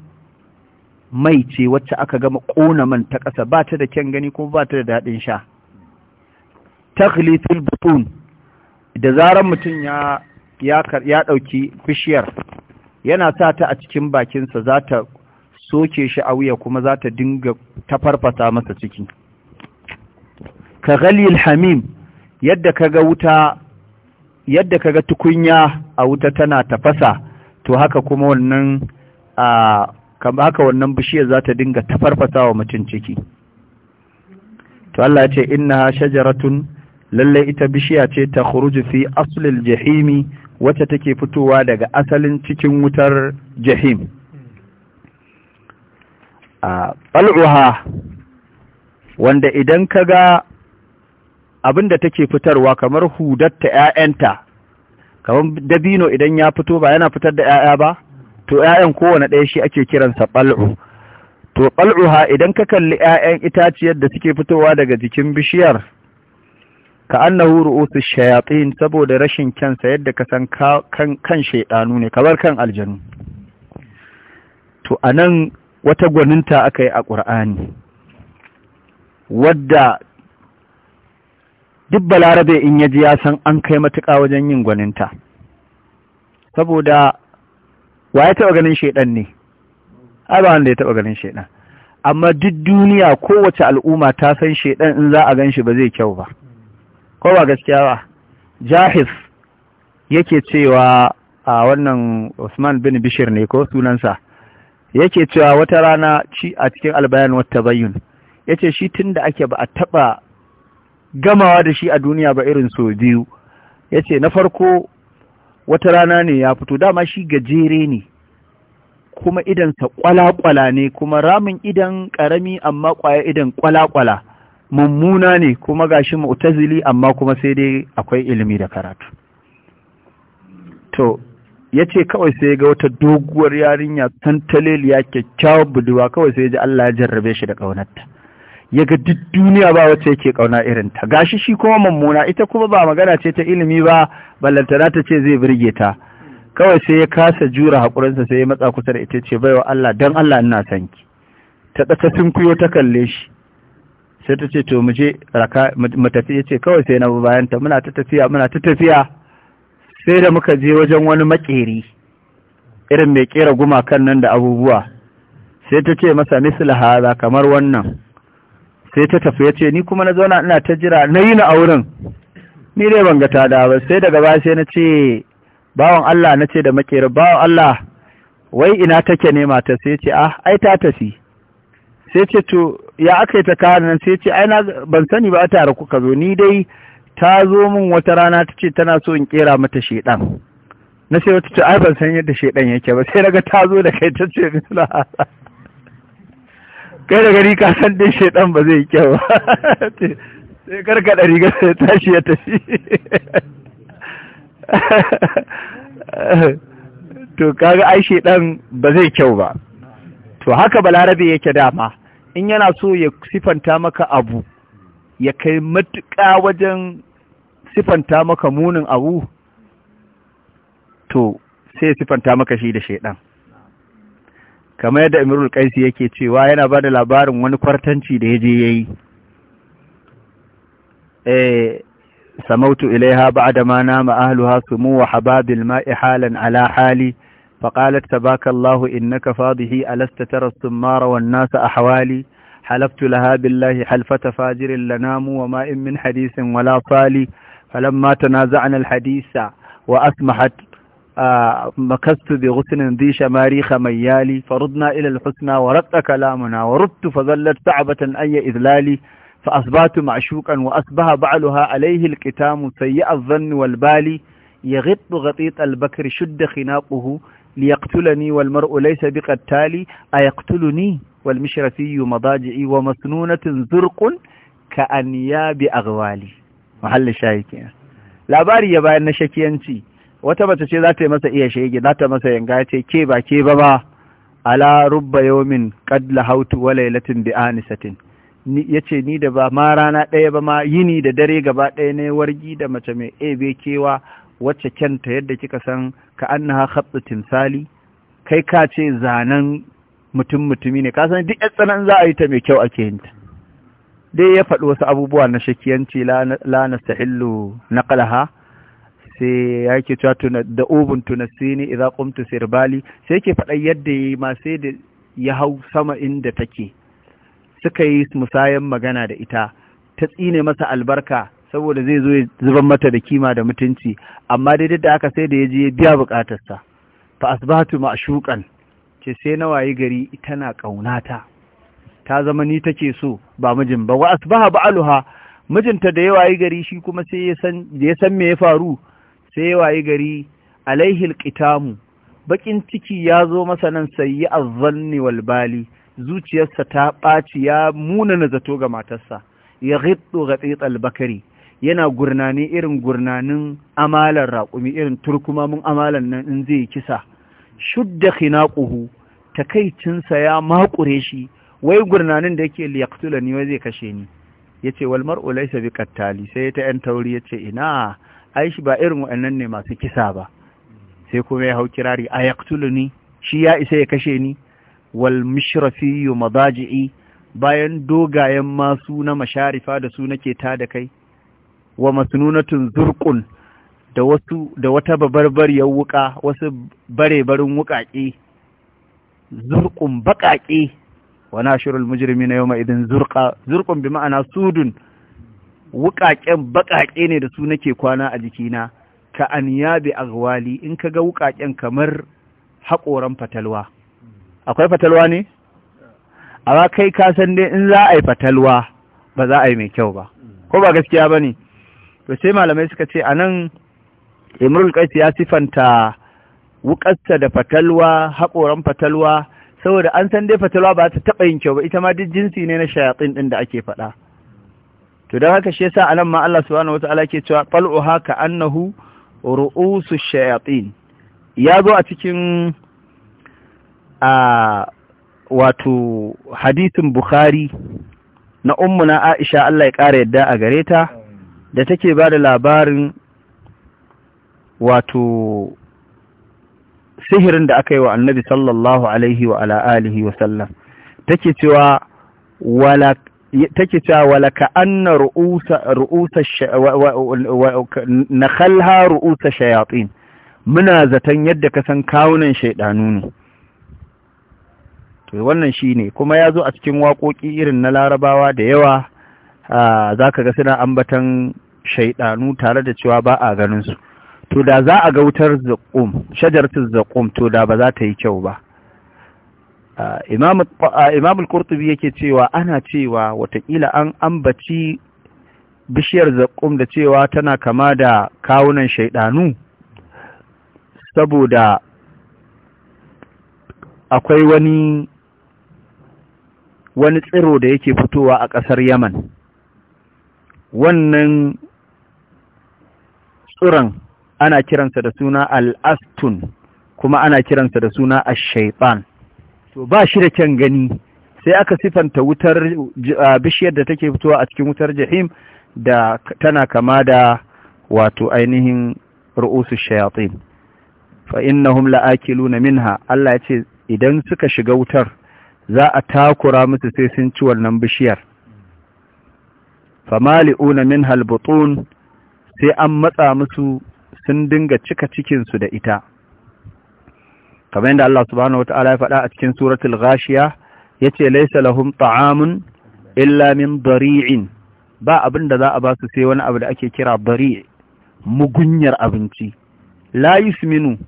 [SPEAKER 1] mai ce wacce aka gama kona man ta ƙasa ba ta da kyan gani kuma ba ta da daɗin sha takhlitul butun da zarar mutum ya ya ɗauki bishiyar yana sa ta a cikin bakinsa za ta soke shi a wuya kuma za ta dinga tafarfasa masa ciki ka ghalil hamim yadda kaga wuta yadda kaga tukunya a wuta tana tafasa to haka kuma wannan a haka wannan bishiyar za ta dinga tafarfasa wa mutum ciki to Allah ya ce innaha shajaratun lalle ita bishiya ce ta khuruju fi aslil jahimi wacce take fitowa daga asalin cikin wutar jahim a ɓal'uha wanda idan ka ga abin da take fitarwa kamar hudatta ‘ya'yanta kamar dabino idan ya fito ba yana fitar da ‘ya'ya ba to ‘ya'yan kowane ɗaya shi ake kiransa ɓal'u to ɓal'uha idan ka kalli ‘ya'yan itaciyar da suke fitowa daga jikin bishiyar ka annahu ru'usu shayatin saboda rashin kyansa yadda ka san kan kan shaydanu ne kamar kan aljanu to anan wata gwaninta aka yi a ƙur'ani wadda duk balarabe in yaji ya san an kai matuƙa wajen yin gwaninta saboda wa ya taɓa ganin shaiɗan ne ai wanda ya taɓa ganin shaiɗan amma duk duniya kowace al'umma ta san shaiɗan in za a gan shi ba zai kyau ba ko ba gaskiya ba jahis yake cewa a wannan Usman bin Bishir ne ko sunansa yake cewa wata rana ci a cikin albayan wata bayyun yace shi tunda ake ba a taba gamawa da shi a duniya ba irin so biyu yace na farko wata rana ne ya fito dama shi gajere ne kuma idansa kwala-kwala ne kuma ramin idan karami amma kwaya idan kwala-kwala mummuna ne kuma gashi mu'tazili amma kuma sai dai akwai ilimi da karatu to yace kawai sai ga wata doguwar yarinya ya kyakkyawar buduwa kawai sai ji Allah ya jarrabe shi da kaunarta Yaga ga duk duniya ba wacce yake kauna irin ta gashi shi kuma mummuna ita kuma ba magana ce ta ilimi ba ballantana ta ce zai birge ta kawai sai ya kasa jura haƙurinsa sai ya matsa kusa da ita ce baiwa Allah don Allah ina sanki ki ta ɗaka sun ta kalle shi sai ta ce to mu je raka mu tafi yace kawai sai na bayan ta muna ta tafiya muna ta tafiya sai da muka je wajen wani makeri irin mai kera kan nan da abubuwa sai ta ce masa misla haza kamar wannan sai ta tafi yace ni kuma na zauna ina ta jira na yi na auren ni dai ban ga ta da ba sai daga baya sai na ce bawon Allah na ce da makeri bawon Allah wai ina take ne mata sai ce ah ai ta tafi sai ce to ya aka yi ta kawo nan sai ce ai ban sani ba a tare kuka zo ni dai ta zo min wata rana ta ce tana so in kera mata shaidan. na sai wata ce ai ban san yadda shaidan yake ba sai daga ta zo da kai ta ce misla kai da gari ka san dai shaidan ba zai kyau ba sai da riga sai tashi ya tafi to kaga ai shaidan ba zai kyau ba to haka balarabe yake dama in yana so ya sifanta maka abu ya kai matuƙa wajen sifanta maka munin abu to sai sifanta maka shi da shaidan kamar yadda Imrul Qaisi yake cewa yana ba da labarin wani kwartanci da ya je yayi eh samautu ilaiha ba'da ma nama ahluha sumu wa hababil ma'i halan ala hali فقالت تباك الله إنك فاضه ألست ترى الثمار والناس أحوالي حلفت لها بالله حلفة فاجر لنام وما إن من حديث ولا صالي فلما تنازعنا الحديث وأسمحت آه، مكست بغسن ذي شماريخ ميالي فردنا إلى الحسنى وردت كلامنا وردت فظلت تعبة أي إذلالي فأصبات معشوقا وأصبح بعلها عليه الكتام سيء الظن والبالي يغط غطيط البكر شد خناقه ليقتلني والمرء ليس بقتالي أيقتلني والمشرفي مضاجعي ومسنونة زرق كأنياب أغوالي محل شايكين labari ya bayan na shakiyanci wata mace ce za ta yi masa iya shege za ta masa yanga ya ce ke ba ke ba ba ala rubba yawmin qad hautu wa laylatin bi anisatin ya ce ni da ba ma rana ɗaya ba ma yini da dare gaba ɗaya ne wargi da mace mai ebe kewa wacce kyanta yadda kika san ka annaha haɗu timsali kai ka ce zanen mutum mutumi ne kasan duk yan tsanan za a yi ta mai kyau ake yin ta dai ya faɗi wasu abubuwa na shakiyanci Illu na ƙalaha, sai ya ke cewa tuna da ubun ne idza qumtu sirbali sai yake faɗa yadda yi ma sai da ya hau sama inda take suka yi musayan magana da ita ta tsine masa albarka saboda zai zo ya zuban mata da kima da mutunci amma dai da aka sai da ya je ya biya bukatarsa fa asbahatu ma'shuqan ce sai na wayi gari tana kaunata ta zama ni take so ba mijin ba wa asbaha ba'aluha mijinta da ya wayi gari shi kuma sai ya san da ya san me ya faru sai ya wayi gari alaihi alqitamu bakin ciki ya zo masa nan sayyi azzanni wal bali zuciyarsa ta ɓaci ya muna na zato ga matarsa ya ghiddu ghatit al-bakari yana gurnani irin gurnanin amalan raƙumi irin mun amalan nan in zai kisa shudda khinaquhu takaicinsa ya makure shi wai gurnanin da yake liyaktula ni wai zai kashe ni yace wal mar'u laysa bi qattali sai ta yan tauri yace ina aishi ba irin wa'annan ne masu kisa ba sai kuma ya hau kirari a yaqtuluni shi ya isa ya kashe ni wal mushrafi madaji'i bayan dogayen masu na masharifa da su nake tada kai wa masnunatun zurqun da wasu da wata babarbariyar wuka wasu barebarin wukake zurqun baƙaƙe wa nashirul na yawma idin zurqa zurqun bi ma'ana sudun wukaken baƙaƙe ne da su nake kwana a jikina ka an yabi agwali in kaga wukaken kamar haƙoran fatalwa akwai fatalwa ne amma kai ka san dai in za a yi fatalwa ba za a yi mai kyau ba ko ba gaskiya bane to sai malamai suka ce anan imrul qais ya sifanta wukarsa da fatalwa haƙoran fatalwa saboda an san dai fatalwa ba ta taɓa yin kyau ba ita ma duk jinsi ne na shayatsin ɗin da ake faɗa to don haka shi yasa anan ma Allah subhanahu wataala ke cewa tal'uha ka annahu ru'usu shayatin ya zo a cikin a wato hadisin Bukhari na ummuna Aisha Allah ya ƙara yadda a gare ta da take ba da labarin wato sihirin da aka yi wa annabi sallallahu alaihi wa ala'alihi wa sallam take cewa wala wala ka anna ru'usa ru'usa ru'usa shayatin muna zaton yadda ka san kawunan shaidanu ne to wannan ne kuma ya zo a cikin waƙoƙi irin na larabawa da yawa za ka ga suna ambatan shaidanu tare da cewa ba a ganinsu to da za a ga wutar zaƙum shajartun zaƙum to da ba za ta yi kyau ba imam al-qurtubi yake cewa ana cewa watakila an ambaci bishiyar zaƙum da cewa tana kama da kawunan shaidanu saboda akwai wani wani tsiro da yake fitowa a ƙasar yaman wannan tsuran ana kiransa da suna al'astun kuma ana kiransa da suna shaiɓan. to ba shi da kyan gani sai aka sifanta wutar bishiyar da take fitowa a cikin wutar jihim da tana kama da wato ainihin ru'usu shayatin fa innahum la'akiluna minha Allah ya ce idan suka shiga wutar za a takura musu sai sun ci wannan bishiyar famali'una min halbutun sai an matsa musu sun dinga cika cikinsu da ita kamar yadda Allah subhanahu ta'ala ya faɗa a cikin suratul ghashiya yace laysa lahum ta'amun illa min dari'in ba abinda za a ba su sai wani abu da ake kira dari' mugunyar abinci la yusminu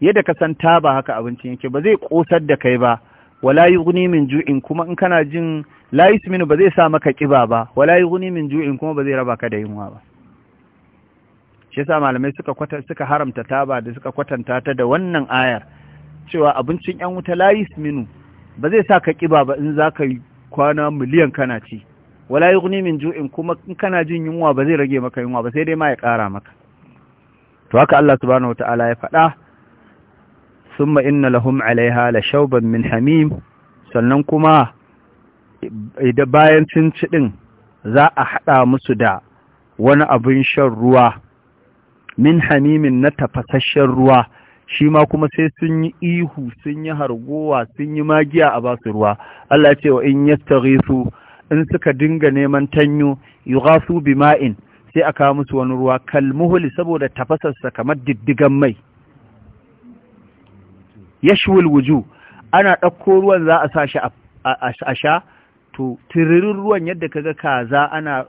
[SPEAKER 1] yadda ka san taba haka abincin yake ba zai ƙosar da kai ba wala guni min ju'in kuma in kana jin su minu ba zai sa maka ƙiba ba wala guni min ju'in kuma ba zai raba ka da yunwa ba shi sa malamai suka haramta ta haramta da suka kwatanta ta da wannan ayar cewa abincin yan wuta su minu. ba zai sa ka ƙiba ba in za yi kwana miliyan kana ci wala guni min ju'in kuma in kana jin yunwa ba zai rage maka yunwa ba sai dai ma ya ƙara maka to haka Allah subhanahu wataala ya faɗa ثم إن لهم alaiha لشوبا من min hamim sannan kuma idan bayan sun ci din za a hada musu da wani abin shan ruwa min hamimin na tafasasshen ruwa shi ma kuma sai sun yi ihu sun yi harguwa sun yi magiya a basu ruwa Allah ce wa in yastaghisu in suka dinga neman tanyo yughasu bima'in sai aka musu wani ruwa kalmuhuli saboda tafasarsa kamar diddigan mai yashwul wuju ana ɗauko ruwan za a sa shi a sha to tiririn ruwan yadda kaga kaza ana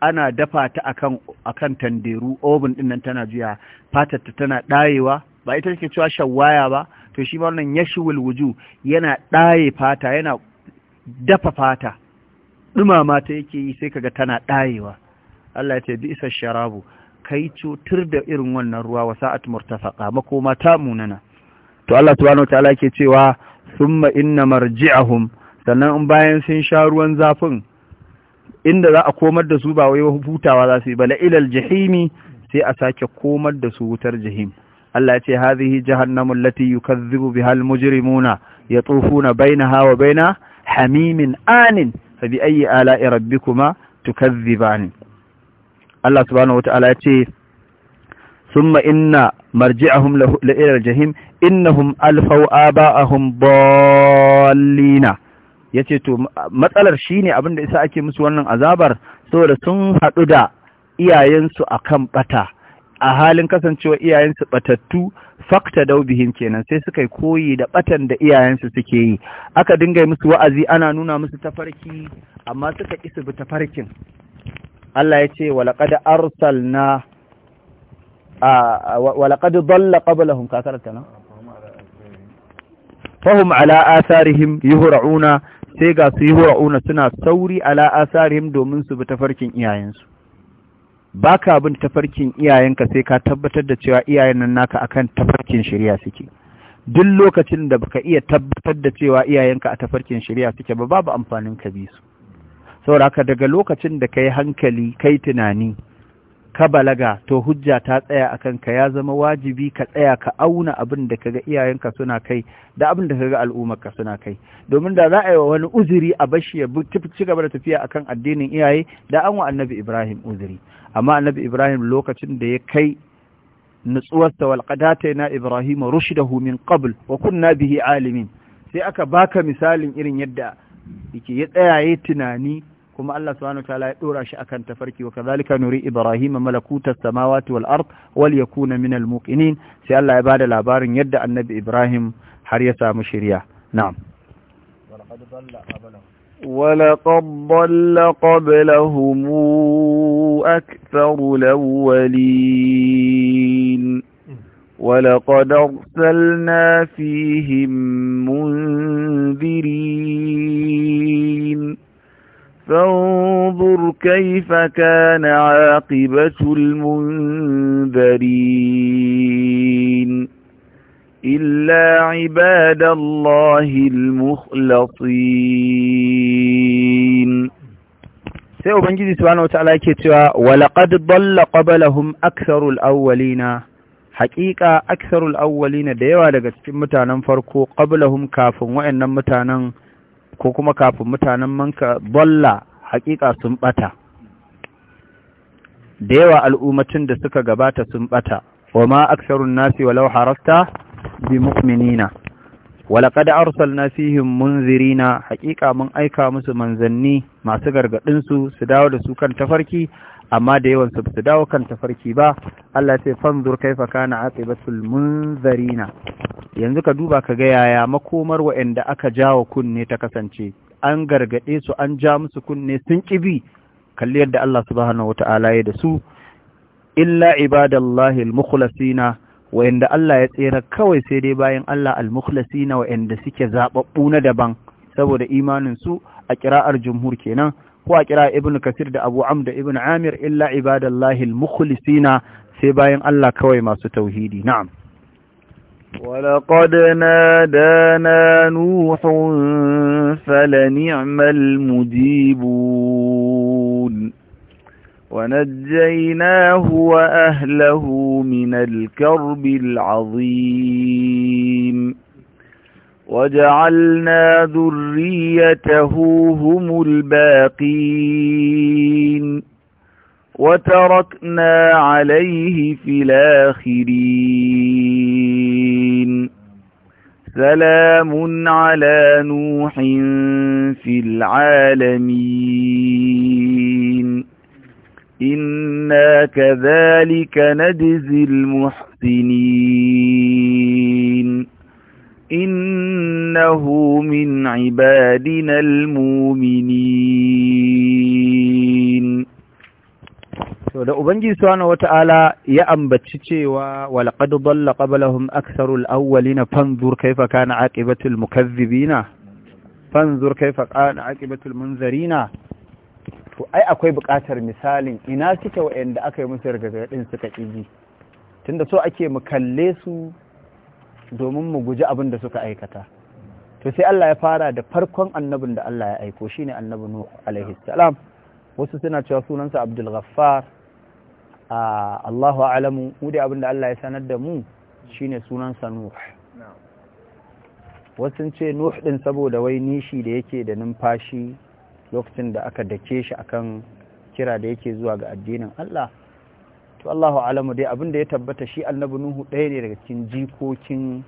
[SPEAKER 1] ana dafa ta akan akan tanderu oven din nan tana juya fatar ta tana ɗayewa ba ita take cewa shawaya ba to shi ma wannan yashwul wuju yana daye fata yana dafa fata dumama ta yake yi sai kaga tana ɗayewa Allah ya ce bi isa sharabu kai cutar da irin wannan ruwa wa sa'at murtafaqa makoma ta munana to Allah subhanahu wataala yake cewa summa inna marji'ahum sannan in bayan sun sha ruwan zafin inda za a komar da su ba wai hutawa za su yi bala ilal jahimi sai a sake komar da su wutar jahim Allah ce hadhihi jahannamu allati yukazzibu biha almujrimuna yatufuna bainaha wa baina hamimin anin fa bi ayyi ala'i rabbikuma tukazzibani Allah subhanahu wataala ya ce summa inna marji'ahum la ilal jahim innahum alfaw aba'ahum dallina yace to matsalar shine abinda isa ake musu wannan azabar saboda sun haɗu da iyayensu akan bata a halin kasancewa iyayensu batattu fakta daubihin kenan sai suka yi koyi da batan da iyayensu suke yi aka dinga musu wa'azi ana nuna musu tafarki amma suka ƙi su bi tafarkin Allah ya ce arsal arsalna ولقد ضل قبلهم كاكرتنا فهم على آثارهم يهرعون سيغا سيهرعون سنة سوري على آثارهم دومن سب تفركين إياينس baka bin tafarkin iyayenka sai ka tabbatar da cewa iyayen naka akan tafarkin shari'a suke duk lokacin da baka iya tabbatar da cewa iyayenka a tafarkin shari'a suke ba babu amfanin ka bi su saboda haka daga lokacin da kai hankali kai tunani ka balaga to hujja ta tsaya a kanka ya zama wajibi ka tsaya ka auna abin da kaga iyayenka suna kai da abin da kaga al'ummarka suna kai domin da za a yi wa wani uzuri a bashi ya ci gaba da tafiya akan addinin iyaye da an wa annabi ibrahim uzuri amma annabi ibrahim lokacin da ya kai ta walqadata na ibrahim rushdahu min qabl wa kunna bihi alimin sai aka baka misalin irin yadda yake ya tsaya yayi tunani kuma Allah subhanahu wa ta'ala ya dora shi akan tafarki wa kadhalika nuri ibrahima malakutas samawati wal ard wal yakuna min al muqinin sai Allah ya bada labarin yadda annabi ibrahim har ya samu shiriya na'am
[SPEAKER 2] ولقد ضل قبلهم أكثر الأولين ولقد أرسلنا فيهم منذرين فانظر كيف كان عاقبة المنذرين إلا عباد الله المخلصين sai ubangiji subhanahu wataala yake cewa walaqad
[SPEAKER 1] dalla qablahum aktharul awwalina haqiqa aktharul awwalina da yawa daga cikin mutanen farko qablahum kafin waɗannan mutanen ko kuma kafin mutanen manka balla hakika sun bata da yawa al'ummatin da suka gabata sun bata wa ma aksarun nasi walau harasta bi mu'minina walaƙad arsalna fihim munzirina haƙiƙa mun aika musu manzanni masu gargaɗinsu su dawo da su kan tafarki amma da yawan su su dawo kan tafarki ba Allah sai fanzur kaifa kana aqibatul munzarina yanzu ka duba ka ga yaya makomar waɗanda aka jawo kunne ta kasance an gargade su an ja musu kunne sun kibi kalli yadda Allah subhanahu wata'ala ya da su illa ibadallahi almukhlasina wa'inda Allah ya tsira kawai sai dai bayan Allah almukhlasina wa'inda suke zababbu na daban saboda imanin su a kira'ar jumhur kenan ko a kira ibn kasir da abu am da ibn amir illa ibadallahi almukhlisina sai bayan Allah kawai masu tauhidi na'am
[SPEAKER 2] ولقد نادانا نوح فلنعم المجيبون ونجيناه وأهله من الكرب العظيم وجعلنا ذريته هم الباقين وتركنا عليه في الآخرين سلام على نوح في العالمين إنا كذلك نجزي المحسنين إنه من عبادنا المؤمنين to da
[SPEAKER 1] ubangiji subhanahu wata'ala ya ambaci cewa walaqad dalla qablahum aktharul awwalin fanzur kayfa kana aqibatul mukazzibina fanzur kayfa kana aqibatul munzirina to ai akwai buƙatar misalin ina suke wa'anda aka yi musu din suka kiji tunda so ake mu kalle su domin mu guji abin da suka aikata to sai Allah ya fara da farkon annabin da Allah ya aiko shine annabi Nuh alaihi salam wasu suna cewa sunansa Abdul Ghaffar Allahu a'lamu mu dai abin da Allah ya sanar da mu shine sunansa Nuh wasu ce Nuh din saboda wai nishi da yake da numfashi lokacin da aka dake shi akan kira da yake zuwa ga addinin Allah to Allahu alamu dai abinda ya tabbata shi annabi nuhu ɗaya ne daga cikin jikokin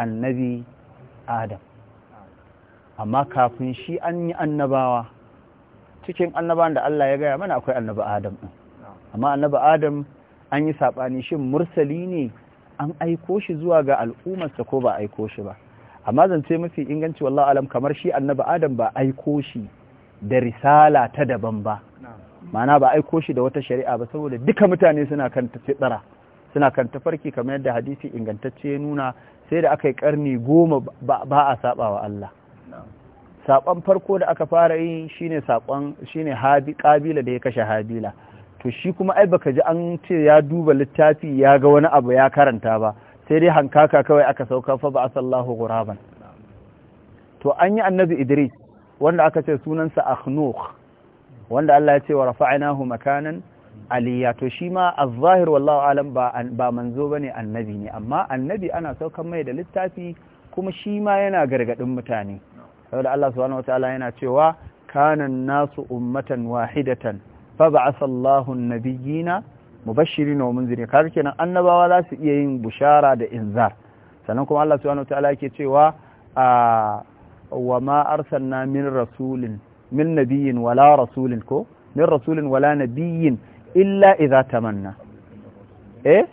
[SPEAKER 1] annabi adam amma kafin shi an yi annabawa cikin annabawan da Allah ya gaya mana akwai annabi adam ɗin amma annabi adam an yi saɓani shin mursali ne an aiko shi zuwa ga al'ummarsa ko ba aiko shi ba amma zance mafi inganci wallah alam kamar shi annabi adam ba aiko shi da risala ta daban ba mana ba aiko shi da wata shari'a ba saboda duka mutane suna kan tafiɗara suna kan tafarki kamar yadda hadisi ingantacce ya nuna sai da aka yi karni goma ba a saba wa Allah saƙon farko da aka fara yi ne saƙon shi ne kabila da ya kashe habila to shi kuma ai baka ji an ce ya duba littafi ya ga wani abu ya karanta ba sai dai hankaka kawai aka sauka fa ba asallahu ghuraban to an yi annabi idris wanda aka ce sunansa akhnukh wanda Allah ya ce wa rafa'nahu makanan aliyya to shi ma az-zahir wallahu alam ba ba manzo bane annabi ne amma annabi ana saukan mai da littafi kuma shi ma yana gargadin mutane saboda Allah subhanahu wataala yana cewa kana nasu ummatan wahidatan fa ba'atha Allahu an-nabiyina mubashirin wa munzirin kar kenan annabawa za su iya yin bushara da inzar sannan kuma Allah subhanahu wataala yake cewa ah, wa ma arsalna min rasulin min nabiyyin wala rasulin ko min rasulin wala nabiyyin illa idza tamanna eh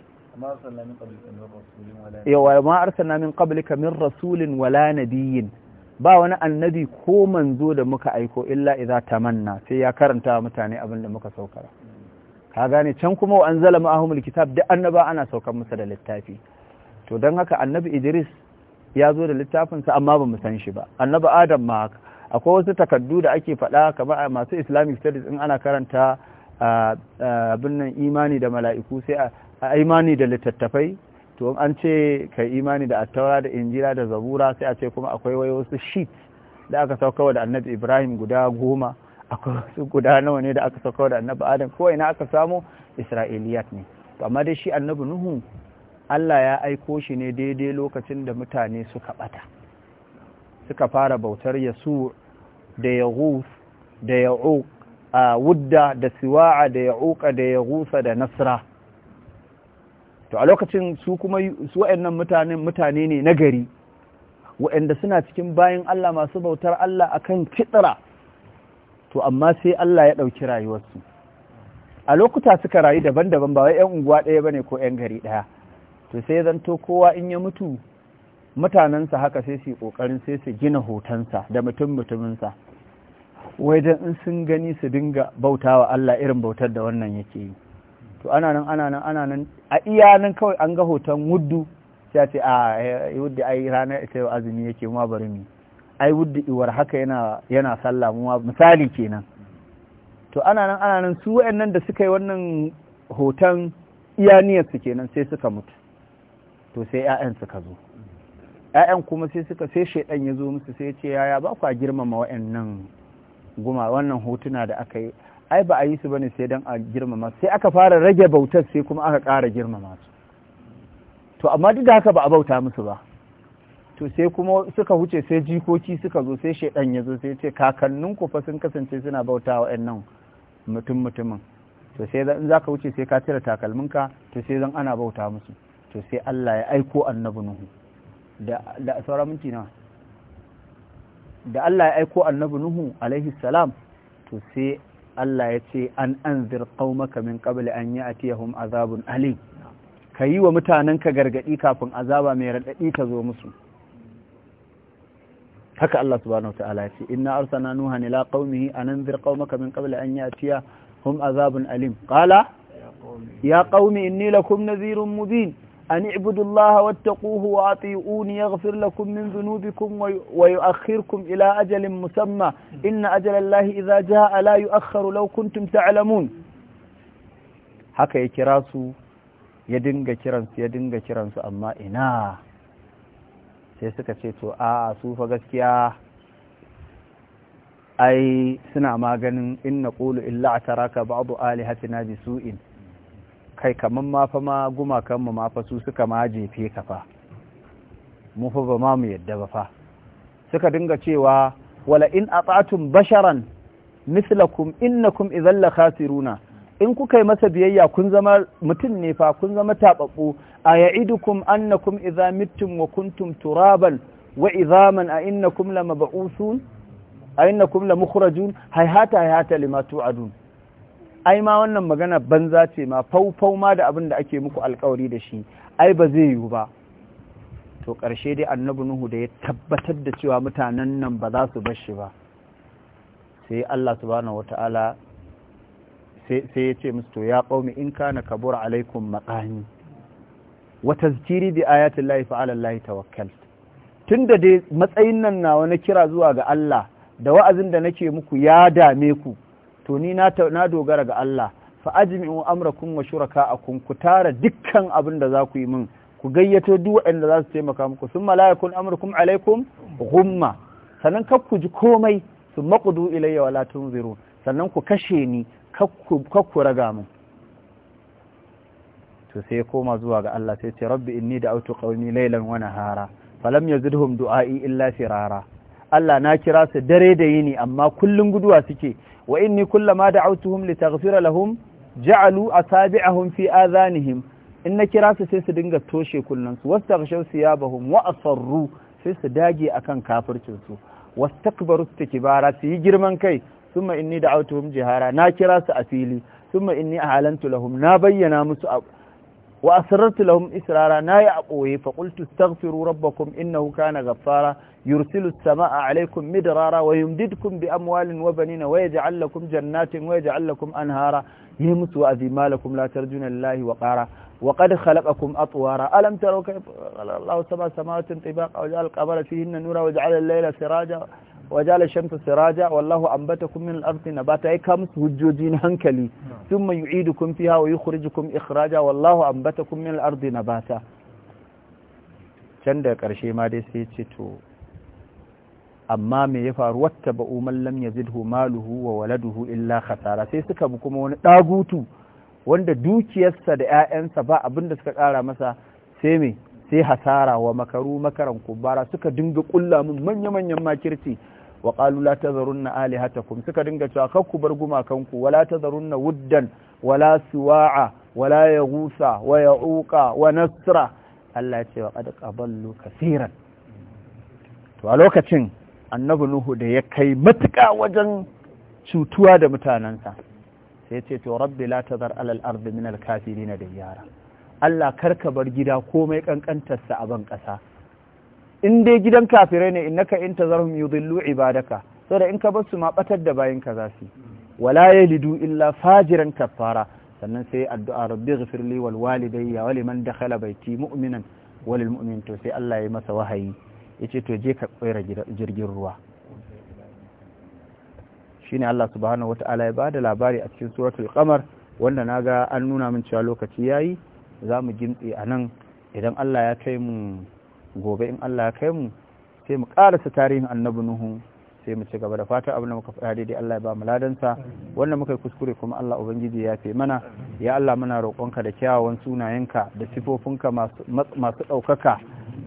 [SPEAKER 1] yawa ma arsalna min qablika min rasulin wala ba wani annabi ko manzo da muka aiko illa idza tamanna sai ya karanta mutane abin da muka saukara ka gane can kuma wa anzala ma'ahumul kitab duk annaba ana saukar musa da littafi to don haka annabi idris ya zo da littafinsa amma ba mu san shi ba annabi adam ma haka akwai wasu takardu da ake faɗa kamar masu islamic studies in ana karanta abin nan imani da mala'iku sai a imani da littattafai to an ce ka imani da attaura da injila da zabura sai a ce kuma akwai wasu sheet da aka saukawa da annabi ibrahim guda goma akwai wasu guda nawa ne da aka saukawa da annabi adam ko ina aka samu isra'iliyat ne to amma dai shi annabi nuhu Allah ya aiko shi ne daidai lokacin da mutane suka bata suka fara bautar yasu da yaghus da ya'uq a wudda da siwa'a da ya'uqa da yaghusa da nasra to a lokacin su kuma su mutane mutane ne na gari. wayanda suna cikin bayan Allah masu bautar Allah akan kitsira to amma sai Allah ya dauki rayuwarsu a lokuta suka rayu daban-daban ba wai 'yan unguwa ɗaya bane ko 'yan gari ɗaya to sai zanto kowa in ya mutu mutanensa haka sai su yi ƙoƙarin sai su gina hotonsa da mutum mutuminsa wai dan in sun gani su dinga bautawa Allah irin bautar da wannan yake yi to ana nan ana nan ana nan a iya nan kawai an ga hoton wuddu sai ce a ah, eh, wuddu ai ranar ita yau azumi yake ma bari mu ai wudu iwar haka yana yana sallah mu misali kenan to ana nan ana nan su wayannan da suka yi wannan hoton iyaniyar su kenan sai suka mutu to sai ƴaƴan suka zo 'ya'yan kuma sai suka sai shaidan ya zo musu sai ce yaya ba kwa girmama wa'annan guma wannan hotuna da aka yi ai ba a yi su bane sai don a girmama sai aka fara rage bautar sai kuma aka ƙara girmama su to amma duk da haka ba a bauta musu ba to sai kuma suka huce sai jikoki suka zo sai shaidan ya zo sai ce kakannin ku fa sun kasance suna bauta ƴannan mutum mutumin to sai in ka wuce sai ka cire takalminka to sai zan ana bauta musu to sai Allah ya aiko annabi Nuhu da sauran minti nawa da Allah ya aiko annabi Nuhu alaihi salam to sai Allah ya ce an anzir qaumaka min qabli an ya'tiyahum azabun alim kayi wa mutanen ka gargadi kafin azaba mai radadi ta zo musu haka Allah subhanahu wataala ya ce inna arsalna nuha ila qaumihi an anzir qaumaka min qabli an ya'tiyahum azabun alim qala ya qaumi inni lakum nadhirun mubin أن اعبدوا الله واتقوه وأطيعون يغفر لكم من ذنوبكم ويؤخركم إلى أجل مسمى إن أجل الله إذا جاء لا يؤخر لو كنتم تعلمون haka ya kira su ya dinga kiransu amma ina sai suka ce to a'a su fa gaskiya ai suna maganin inna qulu illa ataraka ba'du alihatina bisu'in kai kamar ma fa ma mu ma su suka ma jefe ka fa mu fa ba ma mu yadda ba fa suka dinga cewa wala in ata'tum basharan mislakum innakum idhal khasiruna in kuka yi masa biyayya kun zama mutum ne fa kun zama tababbu a ya'idukum annakum idza mittum wa kuntum turaban wa idhaman a innakum lamab'usun a innakum lamukhrajun hayhata hayhata lima tu'adun ai ma wannan magana banza ce ma faufau ma da abin da ake muku alkawari da shi ai ba zai yiwu ba to ƙarshe dai annabi nuhu da ya tabbatar da cewa mutanen nan ba za su bar shi ba sai Allah subhanahu wata'ala sai ya ce musu to ya qaumi in kana kabura alaikum maqani wa tazkiri bi ayati llahi fa ala llahi tawakkal tunda dai matsayin nan nawa na kira zuwa ga Allah da wa'azin da nake muku ya dame ku to ni na dogara ga Allah fa ajmi'u amrakum wa shuraka'akum ku tara dukkan abin da za ku yi min ku gayyato duk waɗanda za su taimaka muku sun mala'ikun amurkum alaikum gumma sannan kar ku ji komai su maƙudu ilayya wala tunziru sannan ku kashe ni kar ku raga min to sai koma zuwa ga Allah sai ce rabbi inni da'awtu qawmi laylan wa nahara falam yazidhum du'a'i illa firara Allah na kira su dare da yini amma kullun guduwa suke wa inni kullama da'awtuhum litaghfira lahum ja'alu asabi'ahum fi adhanihim in na kirasu su sai su dinga toshe kullun su wastaghshaw siyabahum wa asarru sai su dage akan kafircin su wastakbaru bara su yi girman kai summa inni da'awtuhum jihara na kirasu a fili summa inni a'lantu lahum na bayyana musu وأسررت لهم إسرارا ناي أبوي فقلت استغفروا ربكم إنه كان غفارا يرسل السماء عليكم مدرارا ويمددكم بأموال وبنين ويجعل لكم جنات ويجعل لكم أنهارا يمس وأذي ما لكم لا ترجون الله وقارا وقد خلقكم أطوارا ألم تروا كيف الله سبع سماوات طباقا وجعل القمر فيهن نورا وجعل الليل سراجا wajala shamsu siraja wallahu ambatakum min al-ardi nabata ay kam hujjoji na hankali thumma yu'idukum fiha wa yukhrijukum ikhraja wallahu ambatakum min al-ardi nabata can da karshe ma dai sai ce to amma me ya faru watta ba umman lam yazidhu maluhu wa waladuhu illa khasara sai suka bi kuma wani dagutu wanda dukiyarsa da 'ya'yansa ba abinda suka ƙara masa sai me sai hasara wa makaru makaran kubara suka dinga kulla mun manya-manyan makirci wa qalu la tazarunna alihatakum suka dinga cewa kar ku bar gumakanku wala na wuddan wala suwa'a wala yaghusa wa ya'uqa wa nasra Allah ya ce wa qad qaballu kaseeran to a lokacin annabi nuhu da ya kai matuƙa wajen cutuwa da mutanensa. sai ce to rabbi la tazar alal ardi min al kafirin da yara Allah karka bar gida komai kankantarsa a ban kasa in dai gidan kafirai ne innaka in tazarhum yudillu ibadaka saboda in ka bar su ma batar da bayin ka zasu wala yalidu illa fajiran kafara sannan sai addu'a rabbi ghfirli wal walidayya wa liman dakhala bayti mu'minan wal mu'min to sai Allah ya masa wahayi yace to je ka tsira jirgin ruwa shine Allah subhanahu wata'ala ya bada labari a cikin suratul qamar wanda naga an nuna min cewa lokaci yayi za mu gimtse anan idan Allah ya kai mu gobe in Allah ya kai mu sai mu karasa tarihin annabi nuhu sai mu ci gaba da fata abin da muka faɗa daidai Allah ya ba mu ladansa wannan muka yi kuskure kuma Allah ubangiji ya fi mana ya Allah muna roƙonka da kyawawan sunayenka da sifofinka masu ɗaukaka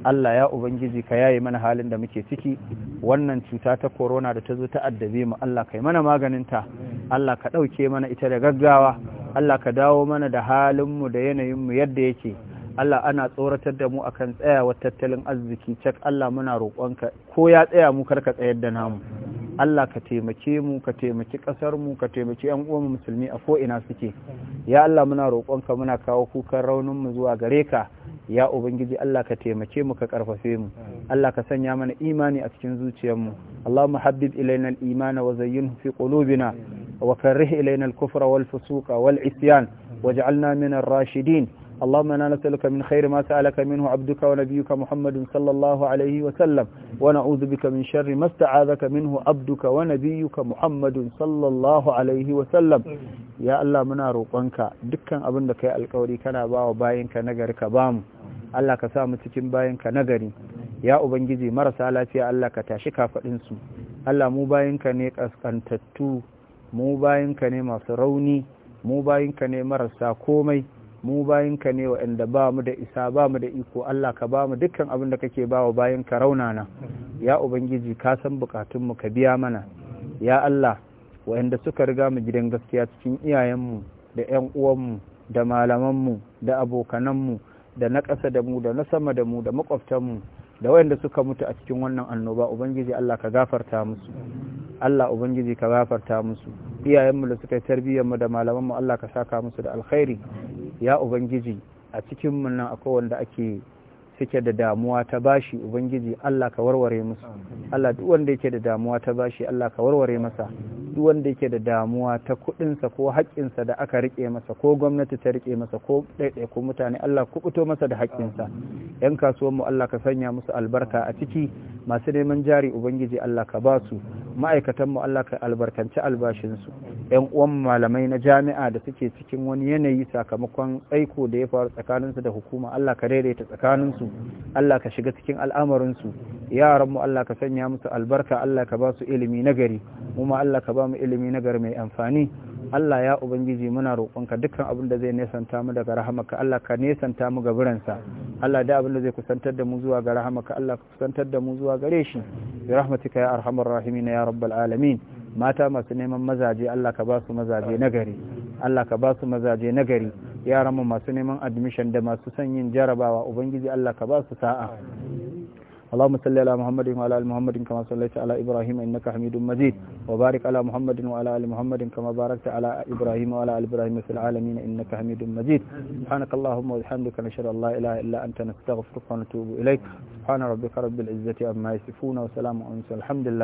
[SPEAKER 1] Allah ya ubangiji ka yaye mana halin da muke ciki wannan cuta ta corona da ta zo ta addabe mu Allah kai mana maganinta Allah ka ɗauke mana ita da gaggawa Allah ka dawo mana da halin mu da yanayin mu yadda yake Allah ana tsoratar da mu akan tsayawar tattalin arziki cak Allah muna roƙonka ko ya tsaya mu karka tsayar da namu Allah ka taimake mu ka taimaki ƙasar mu ka taimaki yan uwan musulmi a ko ina suke ya Allah muna roƙonka muna kawo kukan raunin mu zuwa gare ka ya ubangiji Allah ka taimake mu ka karfafe mu Allah ka sanya mana imani a cikin zuciyar Allah mu habbib ilaina al-iman wa zayyinhu fi qulubina wa karrih ilaina al-kufra wal fusuqa wal isyan waj'alna min ar-rashidin اللهم انا نسالك من خير ما سالك منه عبدك ونبيك محمد صلى الله عليه وسلم ونعوذ بك من شر ما استعاذك منه عبدك ونبيك محمد صلى الله عليه وسلم يا muna roƙonka dukkan abin da kai alƙawari kana bawa bayinka nagari ka bamu Allah ka sa mu cikin bayinka nagari ya ubangiji marasa lafiya Allah ka tashi kafaɗinsu Allah mu bayinka ne ƙasƙantattu mu bayinka ne masu rauni mu bayinka ne marasa komai mu bayinka ne wa'anda ba mu da isa ba mu da iko Allah ka ba mu dukkan abin da kake ba wa bayinka raunana ya ubangiji ka san bukatunmu ka biya mana ya Allah wa'anda suka riga mu gidan gaskiya cikin iyayenmu da 'yan uwanmu da malamanmu da abokananmu da na ƙasa da mu da na sama da mu da makwabtanmu da wayanda suka mutu a cikin wannan annoba ubangiji Allah ka gafarta musu Allah ubangiji ka gafarta musu iyayenmu da suka yi tarbiyyarmu da malamanmu Allah ka saka musu da alkhairi ya ubangiji a cikin mu nan akwai wanda ake suke da damuwa ta bashi ubangiji Allah ka warware musu Allah duk wanda yake da damuwa ta bashi Allah ka warware masa duk wanda yake da damuwa ta kuɗinsa ko haƙƙinsa da aka riƙe masa ko gwamnati ta riƙe masa ko ko mutane Allah ku masa da haƙƙinsa yan kasuwan mu Allah ka sanya musu albarka a ciki masu neman jari ubangiji Allah ka ba su ma'aikatan mu Allah ka albarkanci albashinsu yan uwan malamai na jami'a da suke cikin wani yanayi sakamakon aiko da ya faru tsakaninsu da hukuma Allah ka daidaita tsakaninsu Allah ka shiga cikin al'amarinsu yaran mu Allah ka sanya musu albarka Allah ka ba su ilimi nagari mu ma Allah ka ba mu ilimi na gari mai amfani Allah ya ubangiji muna roƙonka dukkan abin da zai nesanta mu daga rahamaka Allah ka nesanta mu ga biransa Allah da abin da zai kusantar da mu zuwa ga rahamaka Allah ka kusantar da mu zuwa gare shi bi rahmatika ya arhamar rahimin ya rabbal alamin mata masu neman mazaje Allah ka ba su mazaje nagari Allah ka ba su mazaje nagari yaran mu masu neman admission da masu son yin jarabawa ubangiji Allah ka ba su sa'a اللهم صل على محمد وعلى ال محمد كما صليت على ابراهيم انك حميد مجيد وبارك على محمد وعلى ال محمد كما باركت على ابراهيم وعلى ال ابراهيم في العالمين انك حميد مجيد سبحانك اللهم وبحمدك نشهد ان لا اله الا انت نستغفرك ونتوب اليك سبحان ربك رب العزه عما يصفون وسلام على المرسلين الحمد لله